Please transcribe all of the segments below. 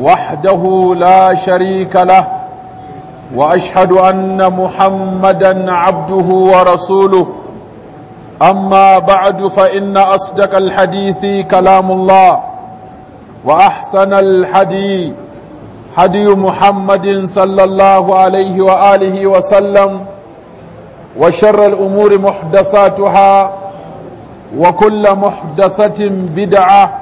وحده لا شريك له وأشهد أن محمدا عبده ورسوله أما بعد فإن أصدق الحديث كلام الله وأحسن الحديث هدي محمد صلى الله عليه وآله وسلم وشر الأمور محدثاتها وكل محدثة بدعة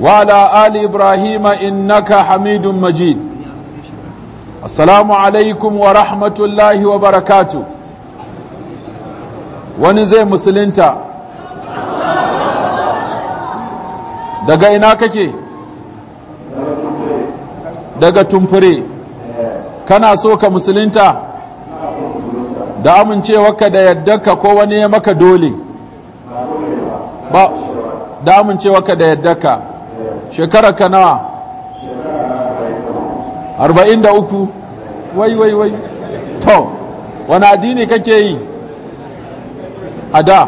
وعلى آل إبراهيم إنك حميد مجيد السلام عليكم ورحمة الله وبركاته ونزي مسلنتا daga ina kake daga tumfure kana so ka musulunta da amincewarka da yaddarka ko wani ya maka dole ba da amincewarka da yaddarka shekara kana arba'in da uku wai wai wai to wani addini kake yi a da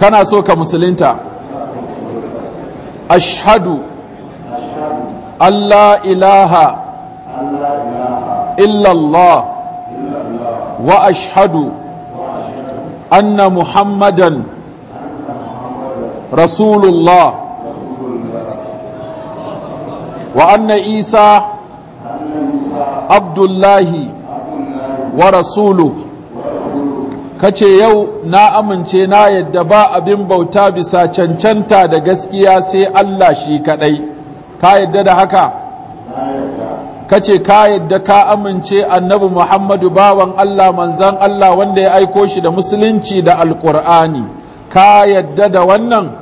kana so ka musulinta ashadu allah ilaha illallah wa ashadu anna muhammadan رسول الله وأن إيسى عبد الله ورسوله kace yau na amince na yadda ba abin bauta bisa cancanta da gaskiya sai Allah shi kadai ka yadda da haka kace ka yadda ka amince annabi Muhammadu bawan Allah manzan Allah wanda ya aiko shi da musulunci da alkur'ani ka yadda da wannan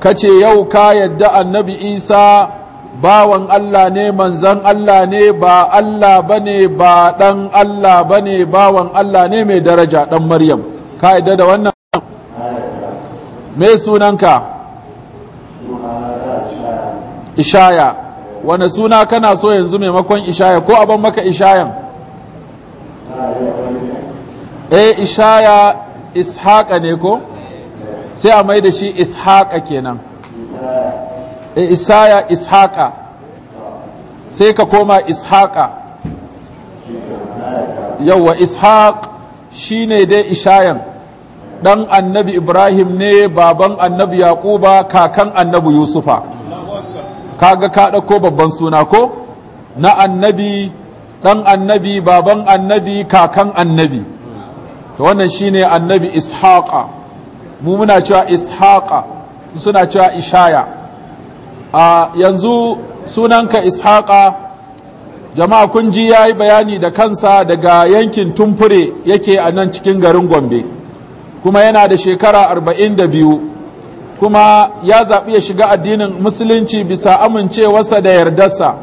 kace yau ka yadda annabi isa bawan Allah ne manzan Allah ne ba Allah bane ba dan Allah bane bawan Allah ne mai daraja dan Maryam ka yadda da wannan me sunanka ishaya wane suna kana so yanzu maimakon ishaya ko abin maka ishayan eh ishaya ishaka ne ko sai a mai da shi ishaqa kenan eh, isaya ishaƙa sai ka koma ishaqa ishaƙ shi shine dai ishayan dan annabi ibrahim ne baban annabi yaƙuba kakan annabi yusufa kaga ka ɗauko babban suna ko na annabi ɗan annabi baban annabi kakan annabi to wannan shine annabi ishaƙa mu muna cewa ishaqa suna cewa ishaya a yanzu sunanka ishaqa jama'a kunji ji yi bayani da kansa daga yankin tumfure yake a nan cikin garin gombe kuma yana da shekara arba'in da biyu kuma ya zaɓi ya shiga addinin musulunci bisa amincewarsa da yardarsa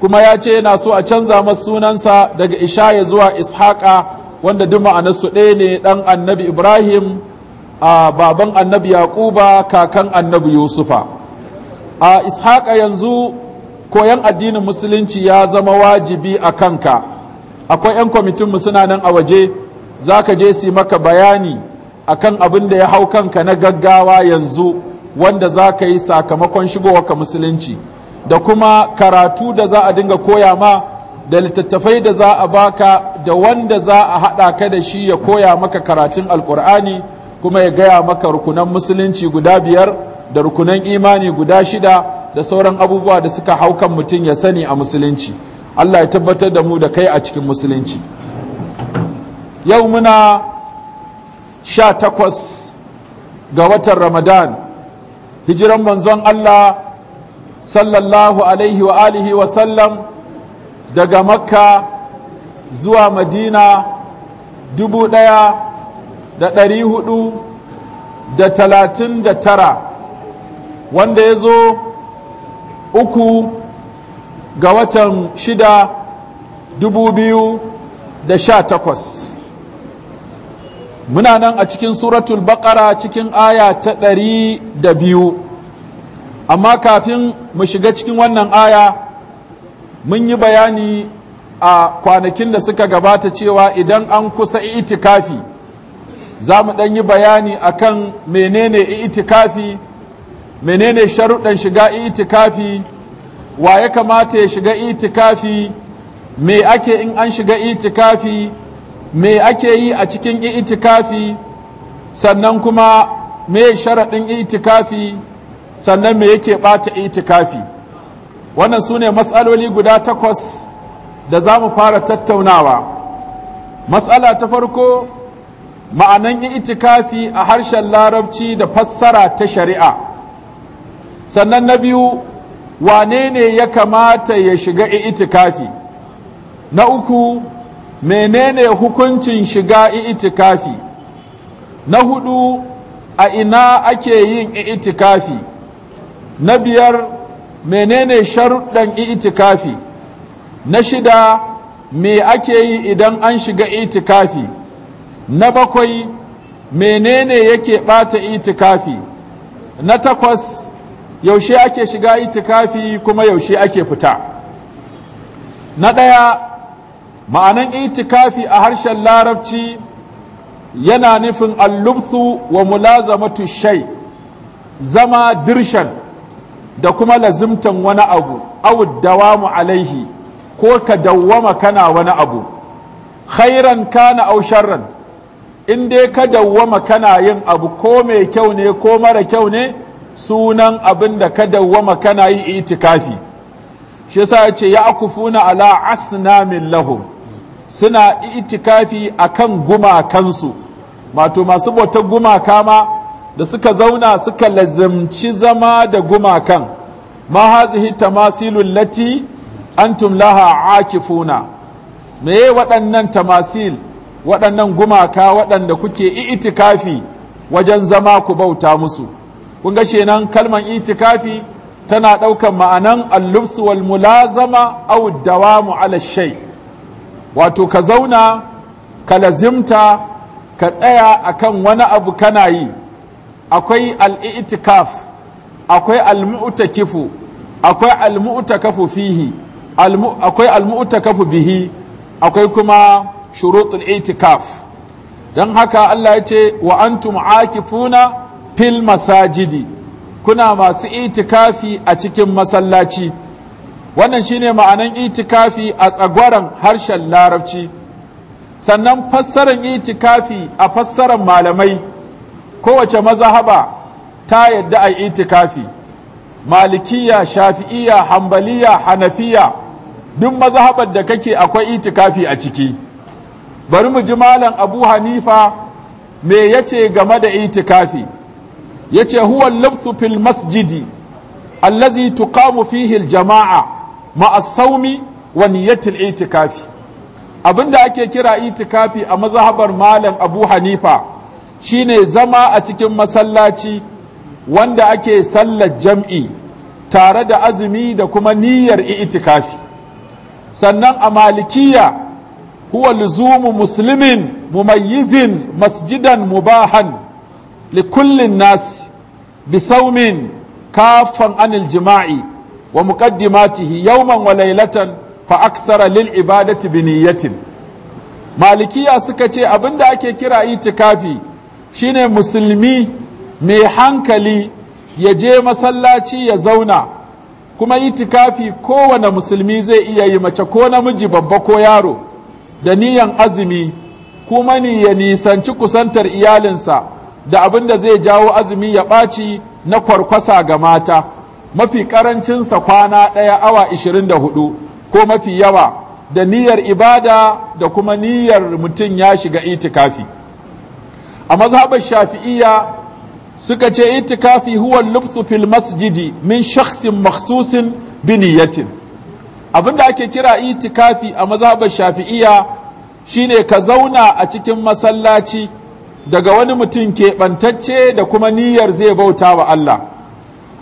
kuma ya ce yana so a canza masa sunansa daga ishaya zuwa ishaqa wanda duma a nasu ɗaya ne ɗan annabi ibrahim a baban annabi yaquba kakan annabi yusufa a ishaqa yanzu koyan addinin musulunci ya zama wajibi a kanka akwai 'yan kwamitin suna nan a waje za ka je su maka bayani akan abin da ya hau kanka na gaggawa yanzu wanda za ka yi sakamakon shigowa ka musulunci da kuma karatu da za a dinga koya ma da littattafai da za a baka da wanda za a haɗa ka da shi ya koya maka karatun alkur'ani kuma ya gaya maka rukunan musulunci guda biyar da rukunan imani guda shida da sauran abubuwa da suka hau kan mutum ya sani a musulunci Allah ya tabbatar da mu da kai a cikin musulunci yau muna sha takwas ga watan ramadan hijiran manzon Allah sallallahu alaihi wa alihi wa sallam daga makka zuwa madina dubu daya. da ɗari hudu da talatin da tara wanda ya zo uku ga watan shida dubu biyu da sha takwas muna nan a cikin suratul baƙara cikin aya ta ɗari da biyu amma kafin mu shiga cikin wannan aya mun yi bayani a kwanakin da suka gabata cewa idan an kusa itikafi za mu ɗan yi bayani a kan menene itikafi menene sharuɗan shiga itikafi wa ya kamata ya shiga itikafi me ake in an shiga itikafi me ake yi a cikin itikafi sannan kuma me sharaɗin itikafi sannan me yake ɓata itikafi wannan su ne matsaloli guda takwas da za mu fara tattaunawa matsala ta farko ma'anan yi itikafi a harshen larabci da fassara ta shari'a sannan na biyu wane ne ya kamata ya shiga itikafi na uku menene hukuncin shiga itikafi na hudu a ina ake yin itikafi na biyar menene sharuɗan itikafi na shida me ake yi idan an shiga itikafi na bakwai menene yake ɓata itikafi na takwas yaushe ake shiga itikafi kuma yaushe ake fita na ɗaya ma'anan itikafi a harshen larabci yana nufin allubsu wa mulazamatu shai zama dirshan da kuma lazimtan wani abu au dawamu alaihi ko ka dawwama kana wani abu khairan kana au sharran in dai ka dawwama kana yin abu ko mai kyau ne ko mara kyau ne sunan abin da ka dawwama kana yi itikafi shi yasa ya ce ya akufuna ala asnamin lahum suna itikafi akan gumakansu mato masu bautar gumaka ma da suka zauna suka lazimci zama da gumakan ma hazihi tamasilul lati antum laha akifuna meye waɗannan tamasil waɗannan gumaka waɗanda kuke itikafi wajen zama ku bauta musu kun ga kalman kalmar itikafi tana ɗaukan ma'anan allubs wal mulazama aw dawamu ala shai. wato ka zauna ka lazimta ka tsaya akan wani abu kana yi akwai al akwai al kifu akwai al kafu fihi akwai al kafu bihi akwai kuma Shuruɗun itikaf don haka Allah ya ce wa antum akifuna fil masajidi kuna masu itikafi a cikin masallaci wannan shine ma'anan itikafi a tsagwaron harshen larabci sannan fassarar itikafi a fassarar malamai kowace mazahaba ta yadda a itikafi malikiya shafi'iya hambaliya hanafiya duk mazahabar da kake akwai itikafi a ciki bari mu ji malam abu hanifa me yace game da itikafi yace huwa lafsu fil masjidi allazi tuqamu fihi jama'a ma as wa niyyatil itikafi abinda ake kira itikafi a mazhabar malam abu hanifa shine zama a cikin masallaci wanda ake sallar jam'i tare da azumi da kuma niyyar itikafi sannan a malikiya huwa musulmin muslimin mumayyizin masjidan mubahan li kullin nas bi saumin kafan anil jima'i wa muqaddimatihi yawman wa laylatan fa aksara lil ibadati bi niyyatin malikiya suka ce abin da ake kira itikafi shine musulmi mai hankali ya je masallaci ya zauna kuma itikafi kowane musulmi zai iya yi mace ko namiji babba ko yaro da niyan azumi kuma ni ya nisanci kusantar iyalinsa da abin da zai jawo azumi ya ɓaci na kwarkwasa ga mata mafi ƙarancinsa kwana ɗaya awa 24 ko mafi yawa da niyyar ibada da kuma niyyar mutum ya shiga itikafi a mazhabar shafi'iyya suka ce itikafi huwa lubsu fil masjidi min shaksin maksusin biniyatin da ake kira itikafi a mazhabar shafi'iyya shine ka zauna a cikin masallaci daga wani mutum keɓantacce da kuma niyyar zai bauta wa Allah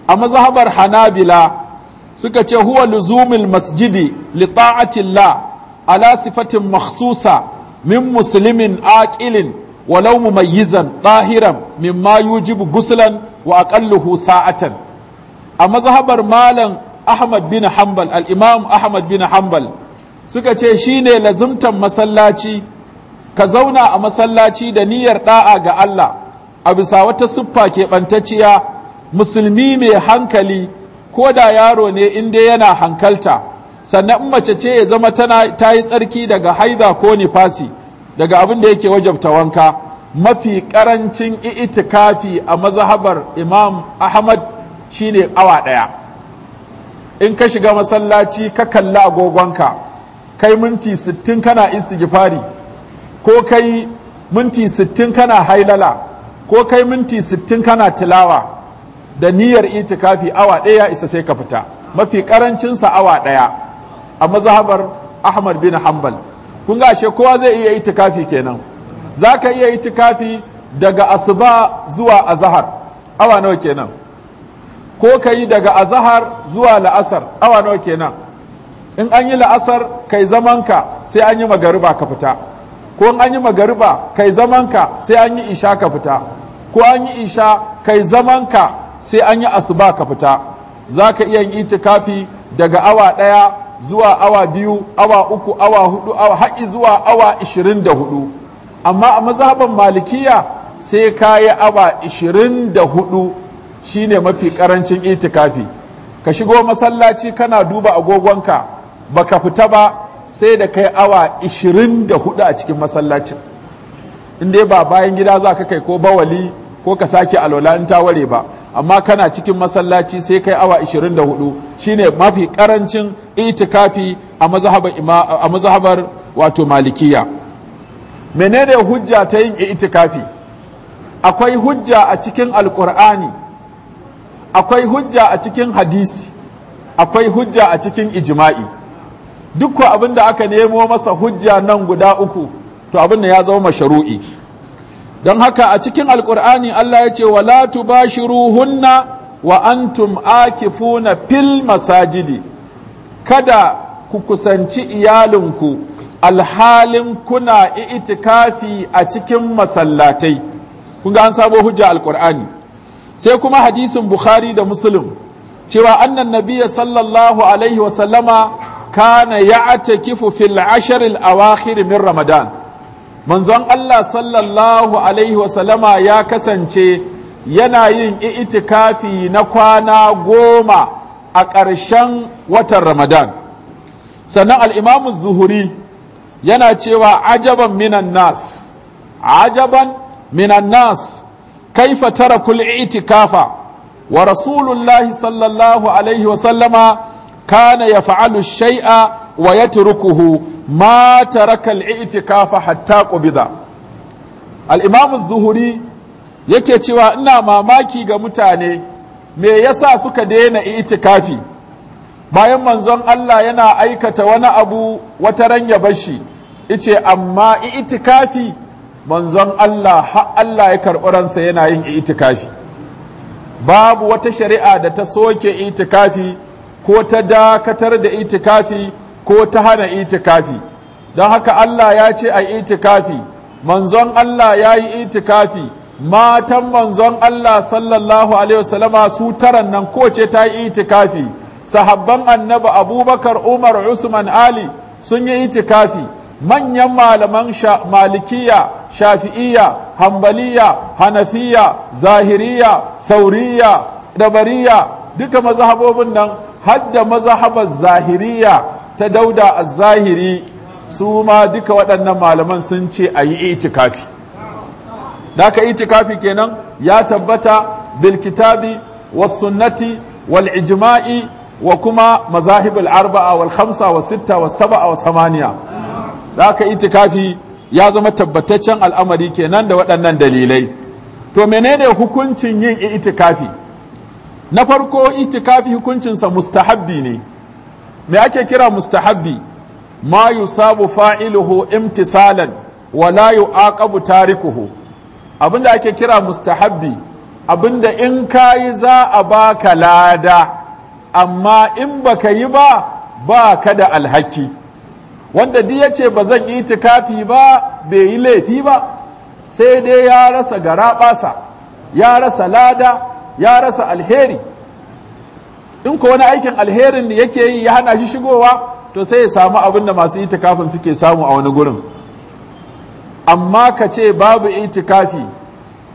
a mazhabar hanabila suka ce huwa luzumin masjidi li ta'atillah ala sifatin makhsusa min musulmin aqilin walau mumayyizan tahiran mimma yujibu guslan wa aqalluhu sa'atan a mazhabar malam Ahmad bin Hanbal al-Imam Ahmad bin Hanbal suka ce shine lazimtan masallaci ka zauna a masallaci da niyyar da'a ga Allah a bisa wata siffa keɓantacciya musulmi mai hankali ko da yaro ne in dai yana hankalta sannan mace ce ya zama tana ta yi tsarki daga haida ko nifasi daga abin da yake wajabta wanka mafi karancin itikafi a mazhabar imam ahmad shine awa ɗaya in ka shiga masallaci ka kalla agogonka kai minti sittin kana istighfari ko kai minti sittin kana hailala ko kai minti sittin kana tilawa da niyyar itikafi awa ɗaya isa sai ka fita mafi ƙarancinsa awa ɗaya a mazhabar ahmad bin hanbal kun ga ashe kowa zai iya itikafi kenan zaka iya itikafi daga asuba zuwa azahar awa nawa kenan ko ka yi daga azahar zuwa la'asar awa nawa kenan in an yi la'asar kai zamanka sai an yi magariba ka fita ko in an yi magariba kai zamanka sai an yi isha ka fita ko an yi isha kai zamanka sai an yi asuba ka fita za ka iya yin itikafi daga awa ɗaya zuwa awa biyu awa uku awa hudu awa haƙi zuwa awa ishirin da hudu amma a mazhaban malikiya sai ka yi awa ishirin da hudu shi ne mafi karancin itikafi ka shigo masallaci kana duba agogonka baka fita ba sai da kai awa 24 a cikin masallacin in dai ba bayan gida za ka kai ko bawali ko ka sake alola in ta ware ba amma kana cikin masallaci sai kai awa 24 ne mafi karancin itikafi a mazhabar wato malikiya menene hujja ta yin itikafi akwai hujja a cikin alkur'ani akwai hujja a cikin hadisi akwai hujja a cikin ijima'i duk abin da aka nemo masa hujja nan guda uku to abin da ya zama masharu'i don haka a cikin alkur'ani Allah ya ce shi tubashiruhunna wa antum akifuna fil masajidi kada ku kusanci iyalinku alhalin kuna itikafi a cikin masallatai kun ga an sabo hujja alkur'ani sai kuma hadisin bukhari da muslim cewa annan nabiya sallallahu alaihi wasallama kana kifu fil ashr awakhir min ramadan manzon Allah sallallahu alaihi wasallama ya kasance yana yin itikafi na kwana goma a ƙarshen watan ramadan sannan al'imamu zuhuri yana cewa ajaban minan nas ajaban minan nas kaifa ترك itikafa wa rasulullahi sallallahu alaihi عليه kana كان يفعل wa ويتركه ما ترك الاعتكاف حتى hatta الامام الزهري yake cewa ina mamaki ga mutane me yasa suka daina itikafi bayan manzon Allah yana aikata wani abu wata ranya ya bashi ice amma itikafi manzon Allah har Allah ya karɓi ransa yana yin itikafi babu wata shari'a da ta soke itikafi ko ta dakatar da itikafi ko ta hana itikafi don haka Allah ya ce a itikafi manzon Allah ya yi itikafi matan manzon Allah sallallahu alaihi wasallama su taran nan kowace ta yi itikafi sahabban annabi abubakar umar usman ali sun yi itikafi manyan malaman sha malikiya shafi'iya hambaliya hanafiya zahiriya sauriya dabariya duka mazhabobin nan hadda mazhabar zahiriya ta dauda a zahiri su ma duka waɗannan malaman sun ce a yi itikafi daka itikafi kenan ya tabbata bilkitabi was sunnati wal ijma'i wa kuma mazahibul arba'a wal khamsa wa sitta wa sab'a wa samaniya da aka itikafi ya zama tabbataccen al'amari kenan da waɗannan dalilai to menene hukuncin yin itikafi na farko itikafi hukuncinsa mustahabbi ne me ake kira mustahabbi ma yusabu fa'iluhu imtisalan wa la yu'aqabu tarikuhu abinda ake kira mustahabbi abinda in kayi za a baka lada amma in baka yi ba ba ka da alhaki wanda ya ce ba zan yi tikafi ba bai yi laifi ba sai dai ya rasa garaɓasa ya rasa lada ya rasa alheri in ko wani aikin alherin da yake yi ya hana shi shigowa to sai ya samu abin da masu itikafin suke samu a wani gurin amma ka ce babu itikafi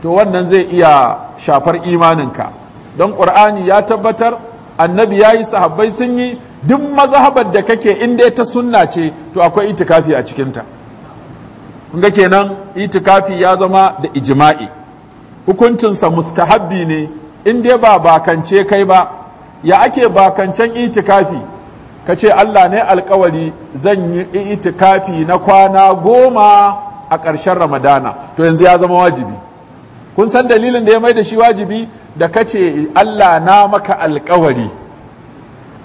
to wannan zai iya shafar imaninka don ƙur'ani ya tabbatar annabi ya yi sahabbai sun yi duk mazhabar da kake in dai ta sunna ce to akwai itikafi a cikinta kun ga kenan itikafi ya zama da ijma'i hukuncinsa mustahabbi ne in dai ba bakance kai ba ya ake bakancen itikafi ka ce Allah ne alkawari zan yi itikafi na kwana goma a ƙarshen ramadana to yanzu ya zama wajibi kun san dalilin da ya mai da shi wajibi da ka ce Allah na maka alkawari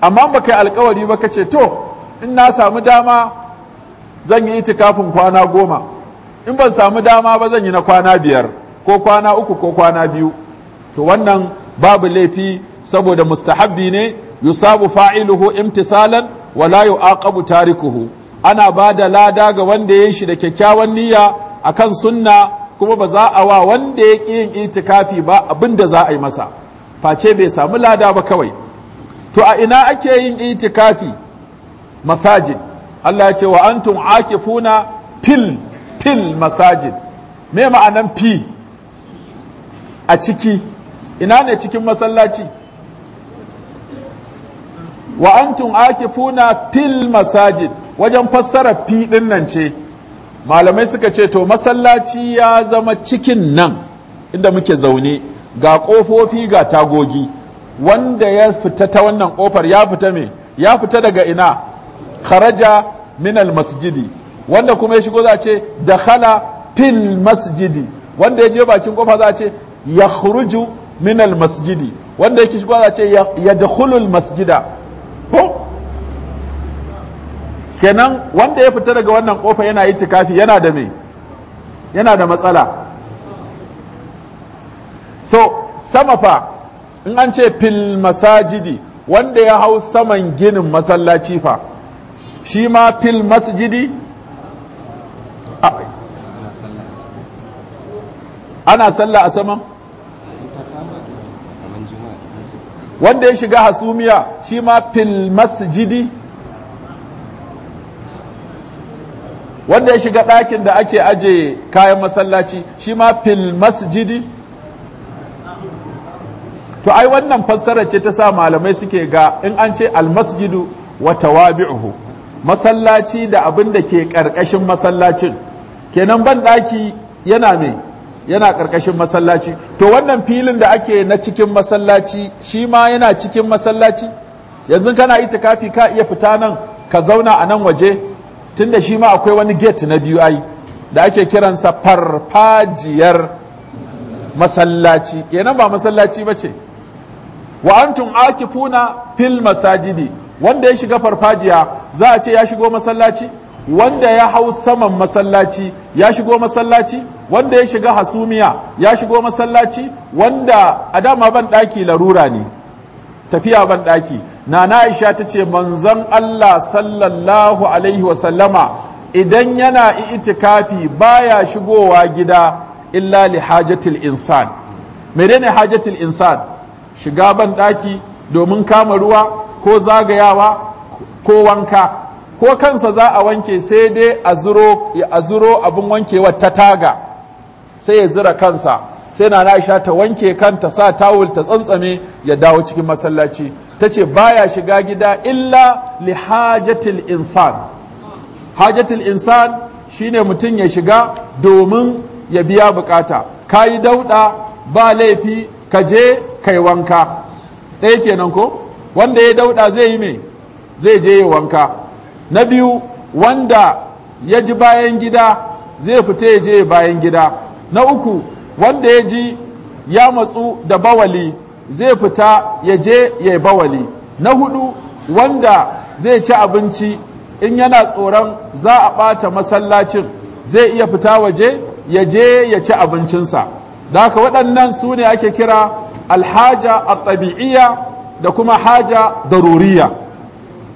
amma ba kai alkawari ba ka ce to in na samu dama zan yi itikafin kwana goma in ban samu dama ba zan yi na kwana biyar ko kwana uku ko kwana biyu to wannan babu laifi saboda mustahabbi ne yusabu fa'iluhu imtisalan wala yu'aqabu tarikuhu ana ba da lada ga wanda ya shi da kyakkyawan niyya akan sunna kuma ba za a wa wanda ya ƙi yin itikafi ba abin da za a yi masa face bai samu lada ba kawai to a ina ake yin itikafi masajid Allah ya ce wa antum akifuna fil fil masajid me ma'anan fi a ciki ina ne cikin masallaci wa antum akifuna fil masajid wajen fassara fi din nan ce malamai suka ce to masallaci ya zama cikin nan inda muke zaune ga ƙofofi ga tagogi wanda ya fita ta wannan kofar ya fita me ya fita daga ina kharaja min masjidi wanda kuma ya shigo za ce dakhala fil masjidi wanda ya je bakin kofa za ce ya khuruju min masjidi wanda yake shigo za ce ya masjida kenan wanda ya fita daga wannan kofa yana yi tikafi yana da me yana da matsala so sama fa in an ce fil masajidi wanda ya hau saman ginin masallaci fa shi ma fil masjidi ana sallah a saman wanda ya shiga hasumiya shi ma fil masjidi wanda ya shiga ɗakin da ake aje kayan masallaci shi ma fil masjidi to ai wannan fassara ce ta sa malamai suke ga in an ce almasjidu wa tawabi'uhu masallaci da abin da ke karkashin masallacin kenan ban daki yana me yana karkashin masallaci to wannan filin da ake na cikin masallaci shi ma yana cikin masallaci yanzu kana yi tukafi ka iya fita nan ka zauna a nan waje tunda shi ma akwai wani gate na biyu ai da ake kiransa farfajiyar masallaci kenan ba masallaci ba ce wa antum akifuna fil masajidi wanda ya shiga farfajiya za a ce ya shigo masallaci wanda ya hau saman masallaci ya shigo masallaci wanda ya shiga hasumiya ya shigo masallaci wanda a dama ban ɗaki larura ne tafiya ban ɗaki nana aisha ta ce manzon allah sallallahu alaihi wasallama idan yana itikafi baya shigowa gida illa li hajatil insan menene hajatil insan shiga ban ɗaki domin kama ruwa ko zagayawa ko wanka ko kansa za a wanke sai dai a zuro abin wankewar ta taga sai ya zira kansa sai na aisha ta wanke kanta sa tawul ta tsantsame ya dawo cikin masallaci ta ce baya shiga gida illa li hajatil insan hajatil insan shine mutum ya shiga domin ya biya bukata ka yi dauɗa ba laifi ka je kai wanka ɗaya kenan ko wanda ya dauɗa zai yi me zai je ya wanka na biyu wanda ya ji bayan gida zai fita ya je bayan gida na uku wanda ya ji ya matsu da bawali zai fita ya je ya bawali na hudu wanda zai ci abinci in yana tsoron za a ɓata masallacin zai iya fita waje ya je ya ci abincinsa da haka waɗannan su ne ake kira alhaja atabi'iyya da kuma haja daruriya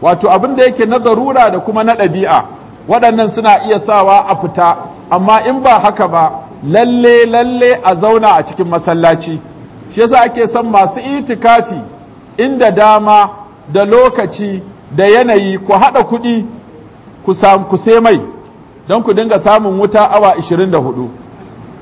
wato abin da yake na darura da kuma na ɗabi'a waɗannan suna iya sawa a fita amma in ba haka ba lalle lalle a zauna a cikin masallaci shi yasa ake son masu itikafi inda dama da lokaci da yanayi ku haɗa kuɗi ku sai mai don ku dinga samun wuta awa 24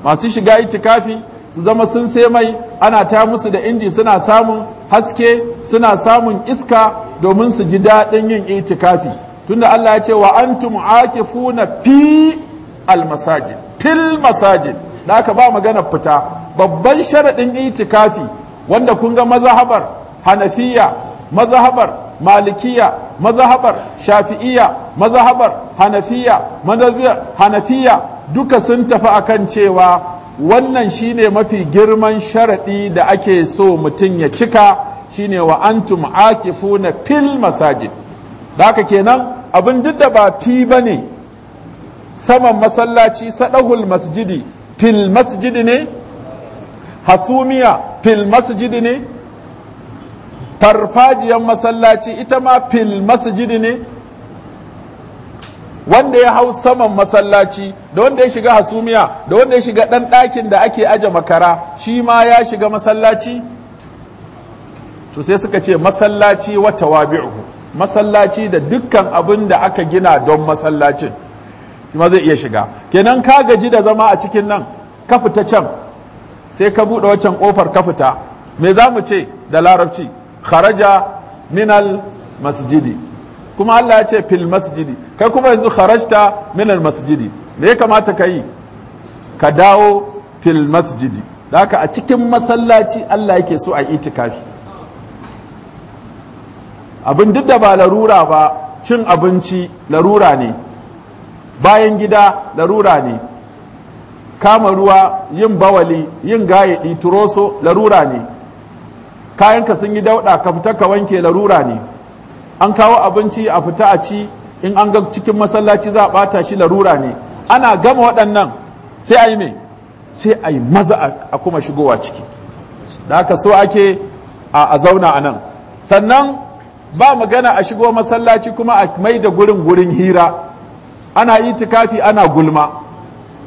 masu shiga itikafi su zama sun sai mai ana ta musu da inji suna samun haske suna samun iska domin su ji daɗin yin itikafi tunda Allah ya ce wa antum akifuna fi almasajid fil masajid da aka ba magana fita babban sharaɗin itikafi wanda kun ga mazahabar hanafiya mazahabar malikiya mazahabar shafi'iya mazahabar hanafiya madabiyar hanafiya duka sun tafi akan cewa wannan shine mafi girman sharaɗi da ake so mutum ya cika shine wa antum akifuna fil masajid da haka kenan abin duk da ba fi ba ne saman masallaci saɗahul masjidi fil masjidi ne hasumiya fil masjidi ne farfajiyar masallaci ita ma fil masjidi ne wanda ya hau saman masallaci da wanda ya shiga hasumiya da wanda ya shiga ɗan ɗakin da ake aje makara shi ma ya shiga masallaci to sai suka ce masallaci wata wabi'uhu masallaci da dukkan abin da aka gina don masallacin kuma zai iya shiga kenan ka gaji da zama a cikin nan ka fita can sai ka buɗe waccan ƙofar ka fita me za mu ce da larabci kharaja minal masjidi kuma Allah ya ce fil masjidi kai kuma yanzu kharajta min al masjidi me ya kamata ka ka dawo fil masjidi haka a cikin masallaci Allah yake so a itikafi abin duk da ba larura ba cin abinci larura ne bayan gida larura ne kama ruwa yin bawali yin gaye turoso larura ne kayanka sun yi dauɗa ka fita ka wanke larura ne an kawo abinci a fita a ci in an ga cikin masallaci za a bata shi larura ne ana gama waɗannan sai a yi me sai a yi maza a kuma shigowa ciki da aka so ake a zauna a nan sannan ba magana a shigo masallaci kuma a mai da gurin gurin hira ana itikafi ana gulma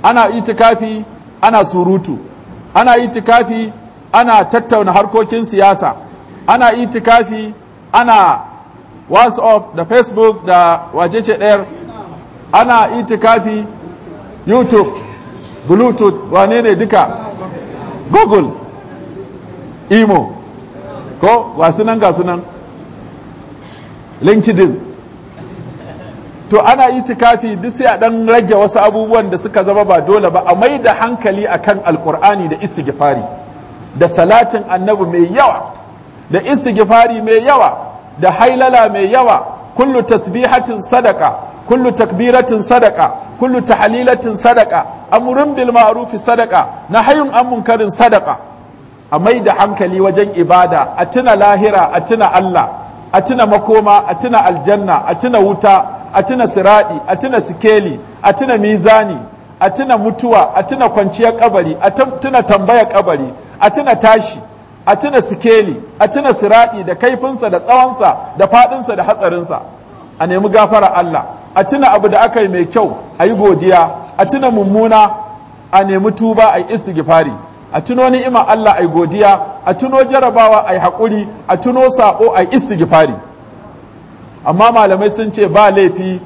ana itikafi ana surutu ana itikafi ana tattauna harkokin siyasa ana itikafi ana whatsapp da facebook da wacece ɗayar ana itikafi youtube bluetooth wane ne duka google imo ko wasu nan gasu nan linkedin to ana itikafi duk sai a ɗan rage wasu abubuwan da suka zama ba dole ba a mai da hankali akan alkur'ani da istigifari da salatin annabi mai yawa da istigifari mai yawa da hailala mai yawa kullu tasbihatin sadaka kullu takbiratin sadaka kullu tahlilatin sadaka amrun bil ma'ruf sadaka nahyun an munkarin sadaka a mai da hankali wajen ibada a tuna lahira a tuna Allah a tuna makoma a tuna aljanna a tuna wuta a tuna siradi a tuna sikeli a tuna mizani a tuna mutuwa a tuna kwanciyar kabari a tuna tambayar kabari a tuna tashi a tuna sikeli a tuna siraɗi da kaifinsa da tsawonsa da faɗinsa da hatsarinsa a nemi gafara Allah a tuna abu da aka yi mai kyau a yi godiya a tuna mummuna a nemi tuba a yi istighfari a tuno ima Allah a yi godiya a tuno jarabawa a yi haƙuri a tuno saɓo a yi istighfari amma malamai sun ce ba laifi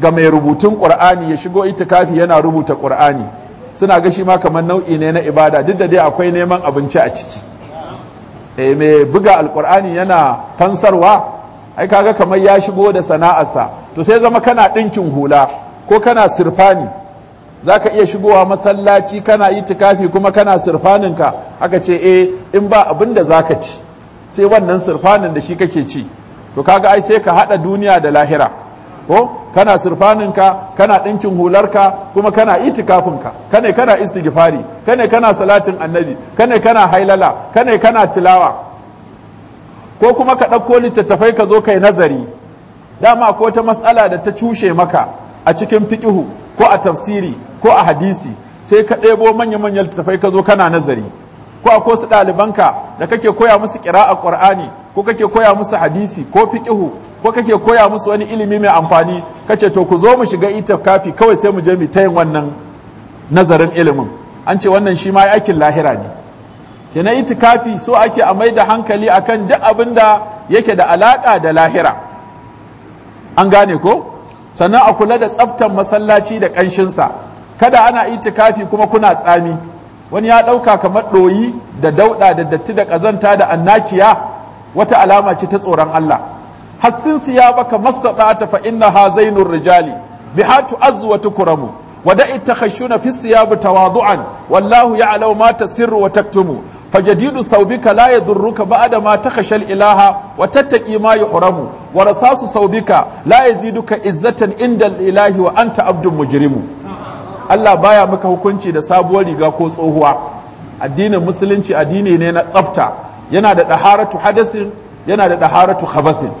ga mai rubutun ƙur'ani ya shigo itikafi yana rubuta ƙur'ani suna gashi shi ma kamar nau'i ne na ibada duk da dai akwai neman abinci a ciki Eh, e mai buga alkur'ani yana fansarwa ai kaga kamar ya shigo da sana'arsa to sai zama kana ɗinkin hula ko kana sirfani za ka iya shigowa masallaci kana yi tikafi kuma kana sirfaninka aka ce e in ba abin da za ka ci sai wannan sirfanin da shi kake ci to kaga ai sai ka haɗa duniya da lahira ko kana surfaninka kana ɗinkin ka kuma kana itikafinka kane kana istighfari kane kana salatin annabi kane kana hailala kane kana tilawa ko kuma ka ɗauko littattafai ka zo kai nazari dama ko ta matsala da ta cushe maka a cikin fiƙihu ko a tafsiri ko a hadisi sai ka ɗebo manya-manyan littattafai ka zo kana nazari ko a su ɗalibanka da kake koya musu a ƙur'ani ko kake koya musu hadisi ko fiƙihu ko kake koya musu wani ilimi mai amfani kace to ku zo mu shiga itikafi e kawai sai mu je mu ta yin wannan nazarin ilimin an ce wannan shi ma aikin lahira ne kenan itikafi e so ake a mai da hankali akan duk abin da yake da alaka da lahira an gane ko sannan a kula da tsaftan masallaci da ƙanshinsa kada ana itikafi e kuma kuna tsami wani ya ɗauka kamar ɗoyi da dauɗa da datti da ƙazanta da annakiya wata alama ce ta tsoron Allah hassin siyabaka mastata fa innaha zainur rijali biha tu'azzu wa tukramu wa da'i takhashuna fi siyab tawadu'an wallahu ya'lamu ma tasirru wa taktumu فجديد ثوبك لا يضرك بعد ما تخشى ma وتتقي ما يحرم ورصاص ثوبك لا izzatan عزة ilahi wa anta عبد مجرم Allah baya maka hukunci da sabuwar riga ko tsohuwa addinin musulunci addini ne na tsafta yana da daharatu hadasin yana da daharatu khabathin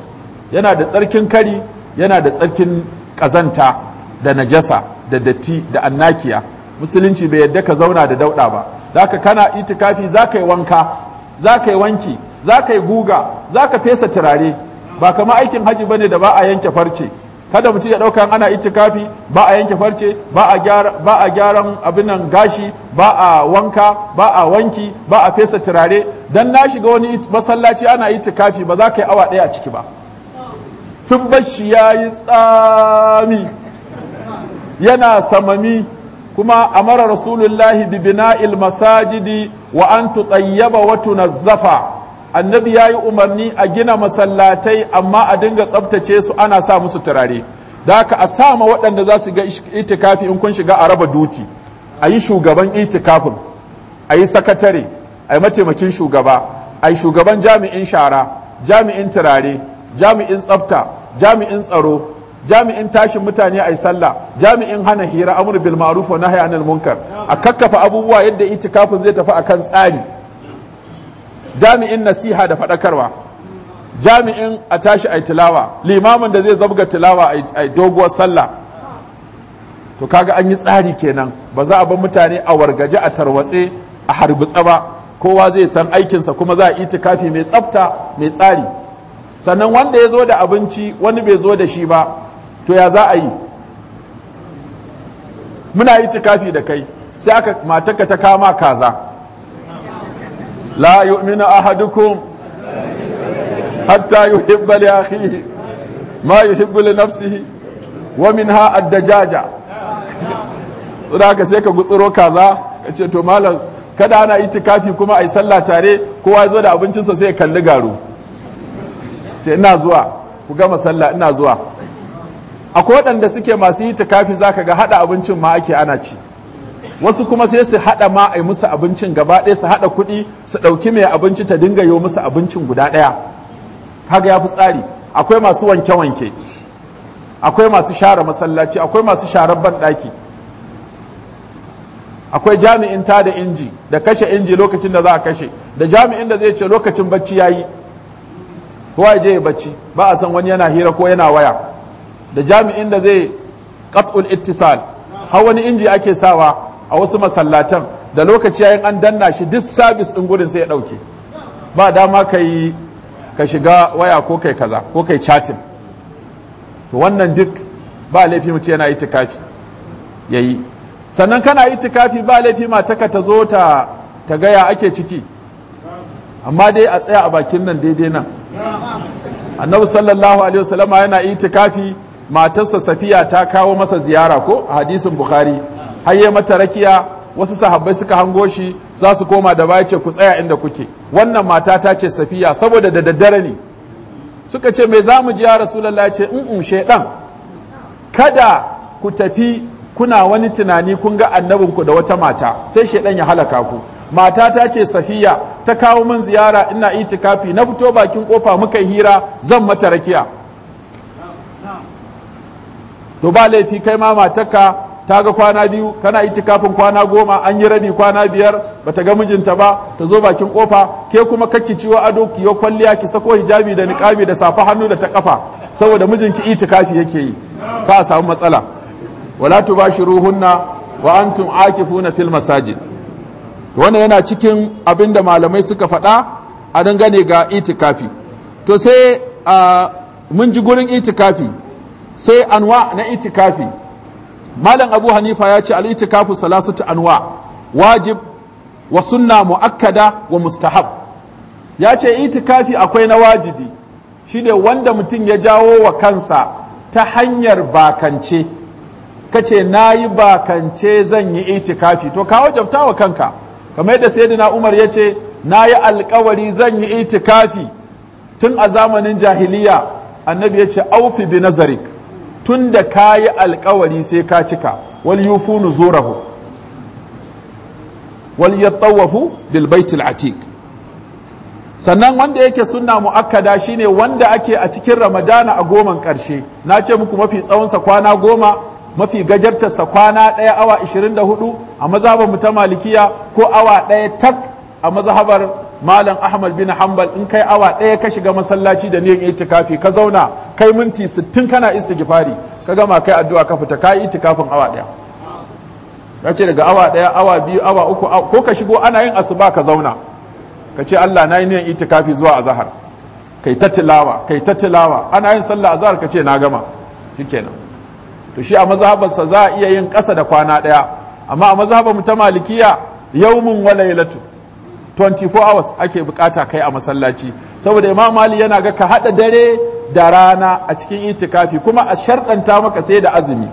yana da tsarkin kari yana da tsarkin kazanta da najasa da datti da annakiya musulunci bai yadda ka zauna da dauɗa ba za ka kana itikafi ka yi wanka za ka yi wanki za ka yi guga za ka fesa turare ba kama aikin haji bane da ba a yanke farce kada mutum ya ɗauka ana itikafi ba a yanke farce ba a gyaran abinan gashi ba a wanka ba a wanki ba a fesa turare don na shiga wani masallaci ana itikafi ba za ka yi awa ɗaya a ciki ba sun bashi ya yi tsami yana samami kuma a mara rasulullahi bi bina'il masajidi wa an tutayyaba wa tunazzafa annabi ya yi umarni a gina masallatai amma a dinga tsabtace su ana sa musu turare da haka a sama waɗanda za su ga itikafi in kun shiga a raba duti a yi shugaban itikafin a yi sakatare a yi mataimakin shugaba a yi shugaban jami'in shara jami'in turare jami'in tsafta jami'in tsaro jami'in tashin mutane a sallah jami'in hana hira amur bil ma'ruf wa nahyi anil munkar a kakkafa abubuwa yadda itikafin zai tafi a kan tsari jami'in nasiha da faɗakarwa jami'in a tashi ai tilawa limamin da zai zabga tilawa ai doguwar sallah to kaga an yi tsari kenan ba za a bar mutane a wargaje a tarwatse a harbitsa ba kowa zai san aikinsa kuma za a itikafi mai tsafta mai tsari sannan wanda ya zo da abinci wani bai zo da shi ba to ya za a yi muna yi tikafi da kai sai aka matanka ta kama kaza la yu'minu ahadukum hatta yuhibba li akhihi ma yuhibbu li nafsihi wa minha ad-dajaja ka sai ka gutsuro kaza ka ce to malam kada ana itikafi kuma ai sallah tare kowa ya zo da abincinsa sai ya kalli garu ce ina zuwa ku gama sallah ina zuwa akwai waɗanda suke masu yi za ka ga haɗa abincin ma ake ana ci wasu kuma sai su haɗa ma a musu abincin gaba ɗaya su haɗa kuɗi su ɗauki mai abinci ta dinga yo musu abincin guda ɗaya kaga ya fi tsari akwai masu wanke-wanke akwai masu share masallaci akwai masu sharar banɗaki akwai jami'in ta da inji da kashe inji lokacin da za a kashe da jami'in da zai ce lokacin bacci ya yi kowa ya je ya bacci ba a san wani yana hira ko yana waya da jami'in da zai qat'ul ittisal har wani inji ake sawa a wasu masallatan da lokaci yayin an danna shi duk sabis din gurin sai ya dauke ba dama kai ka shiga waya ko kai kaza ko kai chatting to wannan duk ba laifi mutum yana itikafi yayi sannan kana itikafi ba laifi mataka ta zo ta ta gaya ake ciki amma dai a tsaya a bakin nan daidai nan annabi sallallahu alaihi wasallama yana itikafi matarsa safiya ta kawo masa ziyara ko a hadisin bukhari hayye mata rakiya wasu sahabbai suka hango shi za su koma da baya ce ku tsaya inda kuke wannan mata ta ce safiya saboda da daddare ne suka ce mai zamu ji ya rasulullahi ce in in shedan kada ku tafi kuna wani tunani kun ga annabinku da wata mata sai shedan ya halaka ku mata ta ce safiya ta kawo min ziyara ina itikafi na fito bakin kofa muka hira zan mata rakiya to ba laifi kai ma matarka ta ga kwana biyu kana itikafin kwana goma an yi rabi kwana biyar bata ga mijinta ba ta zo bakin kofa ke kuma kakki ciwo ado ki yo kwalliya ki sako hijabi da niqabi da safa hannu da ta kafa saboda mijinki itikafi yake yi ka a samu matsala wala tubashiruhunna wa antum akifuna fil masajid wannan yana cikin abin da malamai suka faɗa a dangane ga itikafi to sai mun ji gurin itikafi sai anwa na itikafi malam abu hanifa ya ce al'itikafu salasutu anwa wajib wa sunna mu'akkada wa mustahab ya ce itikafi akwai na wajibi shi ne wanda mutum ya jawo wa kansa ta hanyar bakance kace na yi bakance zan yi itikafi to ka wajabtawa wa kanka kamar yadda sayyidina Umar ya ce na yi alkawari zan yi itikafi tun a zamanin jahiliya annabi ya ce aufi bi nazarik tun da ka yi alkawari sai ka cika wal yufu zurahu wal yattawafu bil baitil atiq sannan wanda yake sunna mu'akkada shine wanda ake a cikin ramadana a goman karshe na ce muku mafi tsawonsa kwana goma mafi gajartarsa kwana ɗaya awa 24 a mazhabar ta malikiya ko awa ɗaya tak a mazhabar malam ahmad bin hanbal in kai awa ɗaya ka shiga masallaci da niyan itikafi ka zauna kai minti sittin kana istighfari ka gama kai addu'a ka fita kai itikafin awa ɗaya ya ce daga awa ɗaya awa biyu awa uku ko ka shigo ana yin asuba ka zauna ka ce allah na yi niyan itikafi zuwa azahar kai ta tilawa kai ta tilawa ana yin sallah azahar ka ce na gama shikenan to shi a mazhabarsa za a iya yin ƙasa da kwana ɗaya amma a mazhabar mu ta malikiya yaumun wa lailatu 24 hours ake bukata kai a masallaci saboda imam mali yana ga ka hada dare da rana a cikin itikafi kuma a sharɗanta maka sai da azumi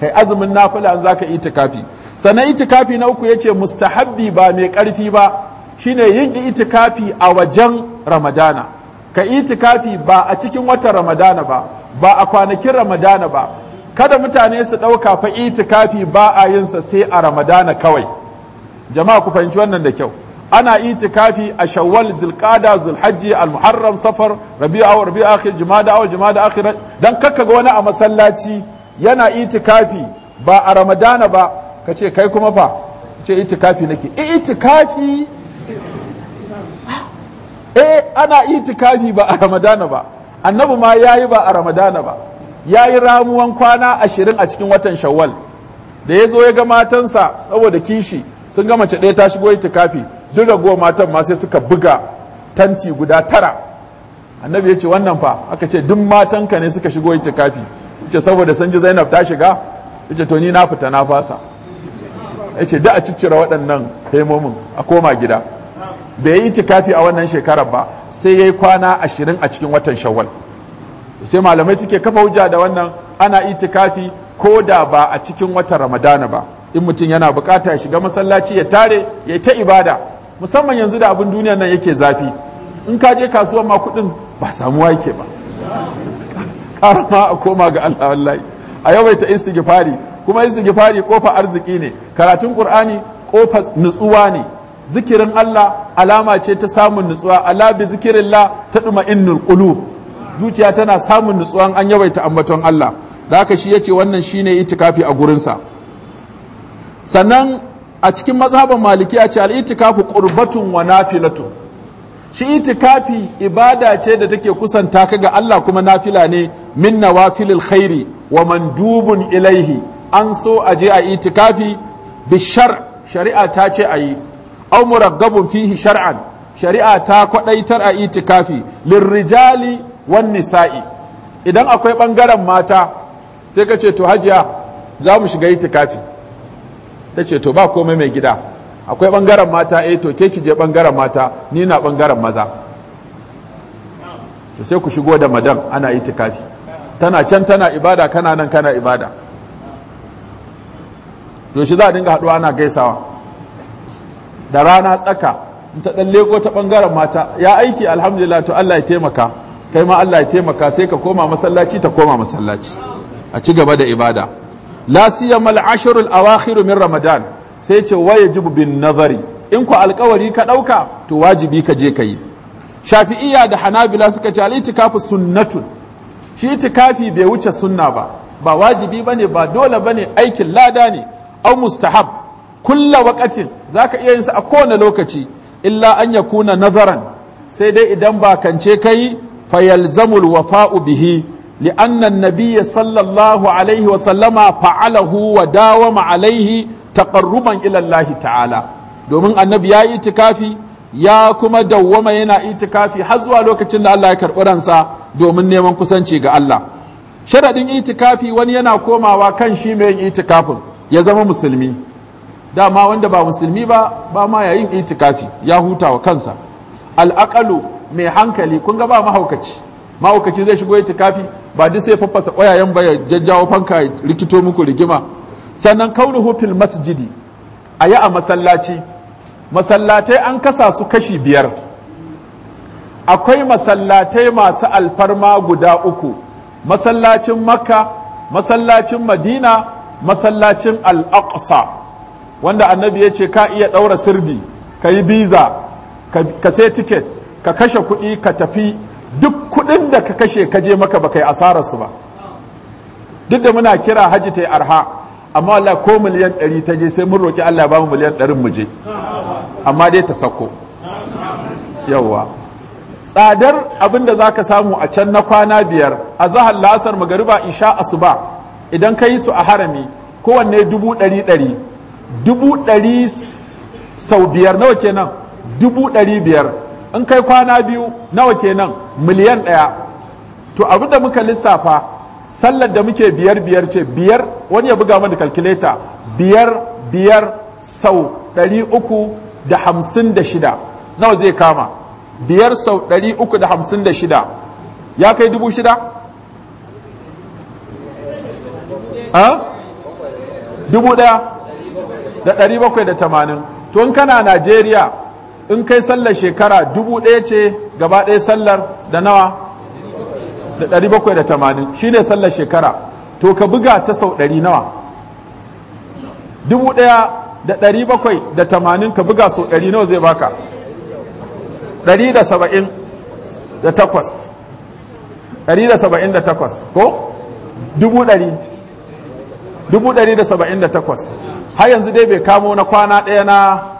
kai azumin nafila an zaka itikafi sannan itikafi na uku yace mustahabbi ba mai karfi ba shine yin itikafi a wajen ramadana ka itikafi ba a cikin watan ramadana ba ba a kwanakin ramadana ba kada mutane su ɗauka fa itikafi ba a yin sa sai a ramadana kawai jama'a ku fahimci wannan da kyau ana itikafi a shawwal zulqada zulhajji almuharram safar rabi'a wa rabi'a akhir jumada aw jumada akhir dan kakka ga wani a masallaci yana itikafi ba a ramadana ba kace kai kuma fa ce itikafi nake eh, itikafi eh ana itikafi ba a ramadana ba annabi ma yayi ba a ramadana ba ya yi ramuwan kwana ashirin a cikin watan shawwal da ya zo ya ga matansa saboda kishi sun ga mace ɗaya ta shigo kafi, duk ragowar matan ma sai suka buga tanti guda tara annabi ya ce wannan fa aka ce duk matanka ne suka shigo kafi? ce saboda san ji zainab ta shiga ya ce to ni na fita na fasa ya ce da a ciccira waɗannan hemomin a koma gida bai yi kafi a wannan shekarar ba sai ya yi kwana ashirin a cikin watan shawwal sai malamai suke kafa hujja da wannan ana itikafi ko da ba a cikin wata ramadana ba in mutum yana bukata ya shiga masallaci ya tare ya ta ibada musamman yanzu da abin duniya nan yake zafi in ka je kasuwar ma kudin ba samuwa yake ba karama a koma ga Allah wallahi a yawaita istighfari kuma istighfari kofa arziki ne karatun qur'ani kofa nutsuwa ne zikirin Allah alama ce ta samun nutsuwa ala bi zikirillah ta duma'innul qulub zuciya tana samun nutsuwa an yawaita ambaton Allah da haka shi yace wannan shine itikafi a gurinsa sannan a cikin mazhaban a ce al'itikafi ƙurbatun qurbatun wa nafilatu shi itikafi ibada ce da take kusanta ka ga Allah kuma nafila ne min nawafilil khairi wa mandubun ilaihi an so a je a itikafi bishar shari'a ta ce a yi aw muraggabun fihi shar'an shari'a ta kwadaitar a itikafi lirrijali wan nisa'i idan akwai ɓangaren mata sai ka ce to hajiya za mu shiga itikafi ta ce to ba komai mai gida akwai ɓangaren mata eh to ke ki je ɓangaren mata ni na ɓangaren maza to sai ku shigo da madam ana itikafi tana can tana ibada kana nan kana ibada yaushe za a dinga haɗuwa ana gaisawa da rana tsaka ta ɗan lego ta ɓangaren mata ya aiki alhamdulillah to Allah ya taimaka kai ma Allah ya taimaka sai ka koma masallaci ta koma masallaci a ci gaba da ibada la siyamal ashrul awakhir min ramadan sai ce wajibu bin nazari in ku alkawari ka dauka to wajibi ka je kai shafi'iyya da hanabila suka ce al'itikafu sunnatun shi itikafi bai wuce sunna ba ba wajibi bane ba dole bane aikin lada ne au mustahab kulla za zaka iya yin sa a kowane lokaci illa an yakuna nazaran sai dai idan ba kance kai فيلزم الوفاء به لأن النبي صلى الله عليه وسلم فعله وداوم عليه تقربا إلى الله تعالى domin annabi ya yi itikafi ya kuma dawwama yana itikafi har zuwa lokacin da Allah ya karɓi ransa domin neman kusanci ga Allah sharaɗin itikafi wani yana komawa kan shi mai yin itikafin ya zama musulmi dama wanda ba musulmi ba ba ma yayin itikafi ya huta wa kansa al'aqalu mai hankali kun ga ba mahaukaci mahaukaci zai shigo kafi ba duk sai faffasa ƙwayayen ba ya jajjawo fanka rikito muku rigima sannan kaunu fil masjidi a yi a masallaci masallatai an kasa su kashi biyar akwai masallatai masu alfarma guda uku masallacin makka masallacin madina masallacin al-aqsa wanda annabi ya ce ka iya ɗaura sirdi ka biza ka sai tiket ka kashe kuɗi ka tafi duk kuɗin da ka kashe ka je maka ba kai su ba duk da muna kira hajji ta yi arha amma Allah ko miliyan ɗari ta je sai mun roƙi Allah ba mu miliyan ɗarin mu je amma dai ta sako yawwa tsadar abin da za ka samu a can na kwana biyar a zahar lasar magariba isha asuba idan ka yi su a harami kowanne dubu ɗari ɗari dubu ɗari sau biyar nawa kenan dubu ɗari biyar in kai kwana biyu nawa kenan miliyan ɗaya to abu da muka lissafa sallar da muke biyar biyar ce biyar wani ya buga mana kalkuleta biyar biyar sau ɗari uku da hamsin da shida nawa zai kama biyar sau ɗari uku da hamsin da shida ya kai dubu shida? dubu ɗaya da ɗari bakwai da tamanin to in kana najeriya in kai sallar shekara dubu ɗaya ce gaba ɗaya sallar da nawa da ɗari bakwai da tamanin shi ne sallar shekara to ka buga ta sau ɗari nawa dubu ɗaya da ɗari bakwai da tamanin ka buga sau ɗari nawa zai baka ɗari da saba'in da takwas ɗari da saba'in da takwas ko dubu ɗari dubu ɗari da saba'in da takwas har yanzu dai bai kamo na kwana ɗaya na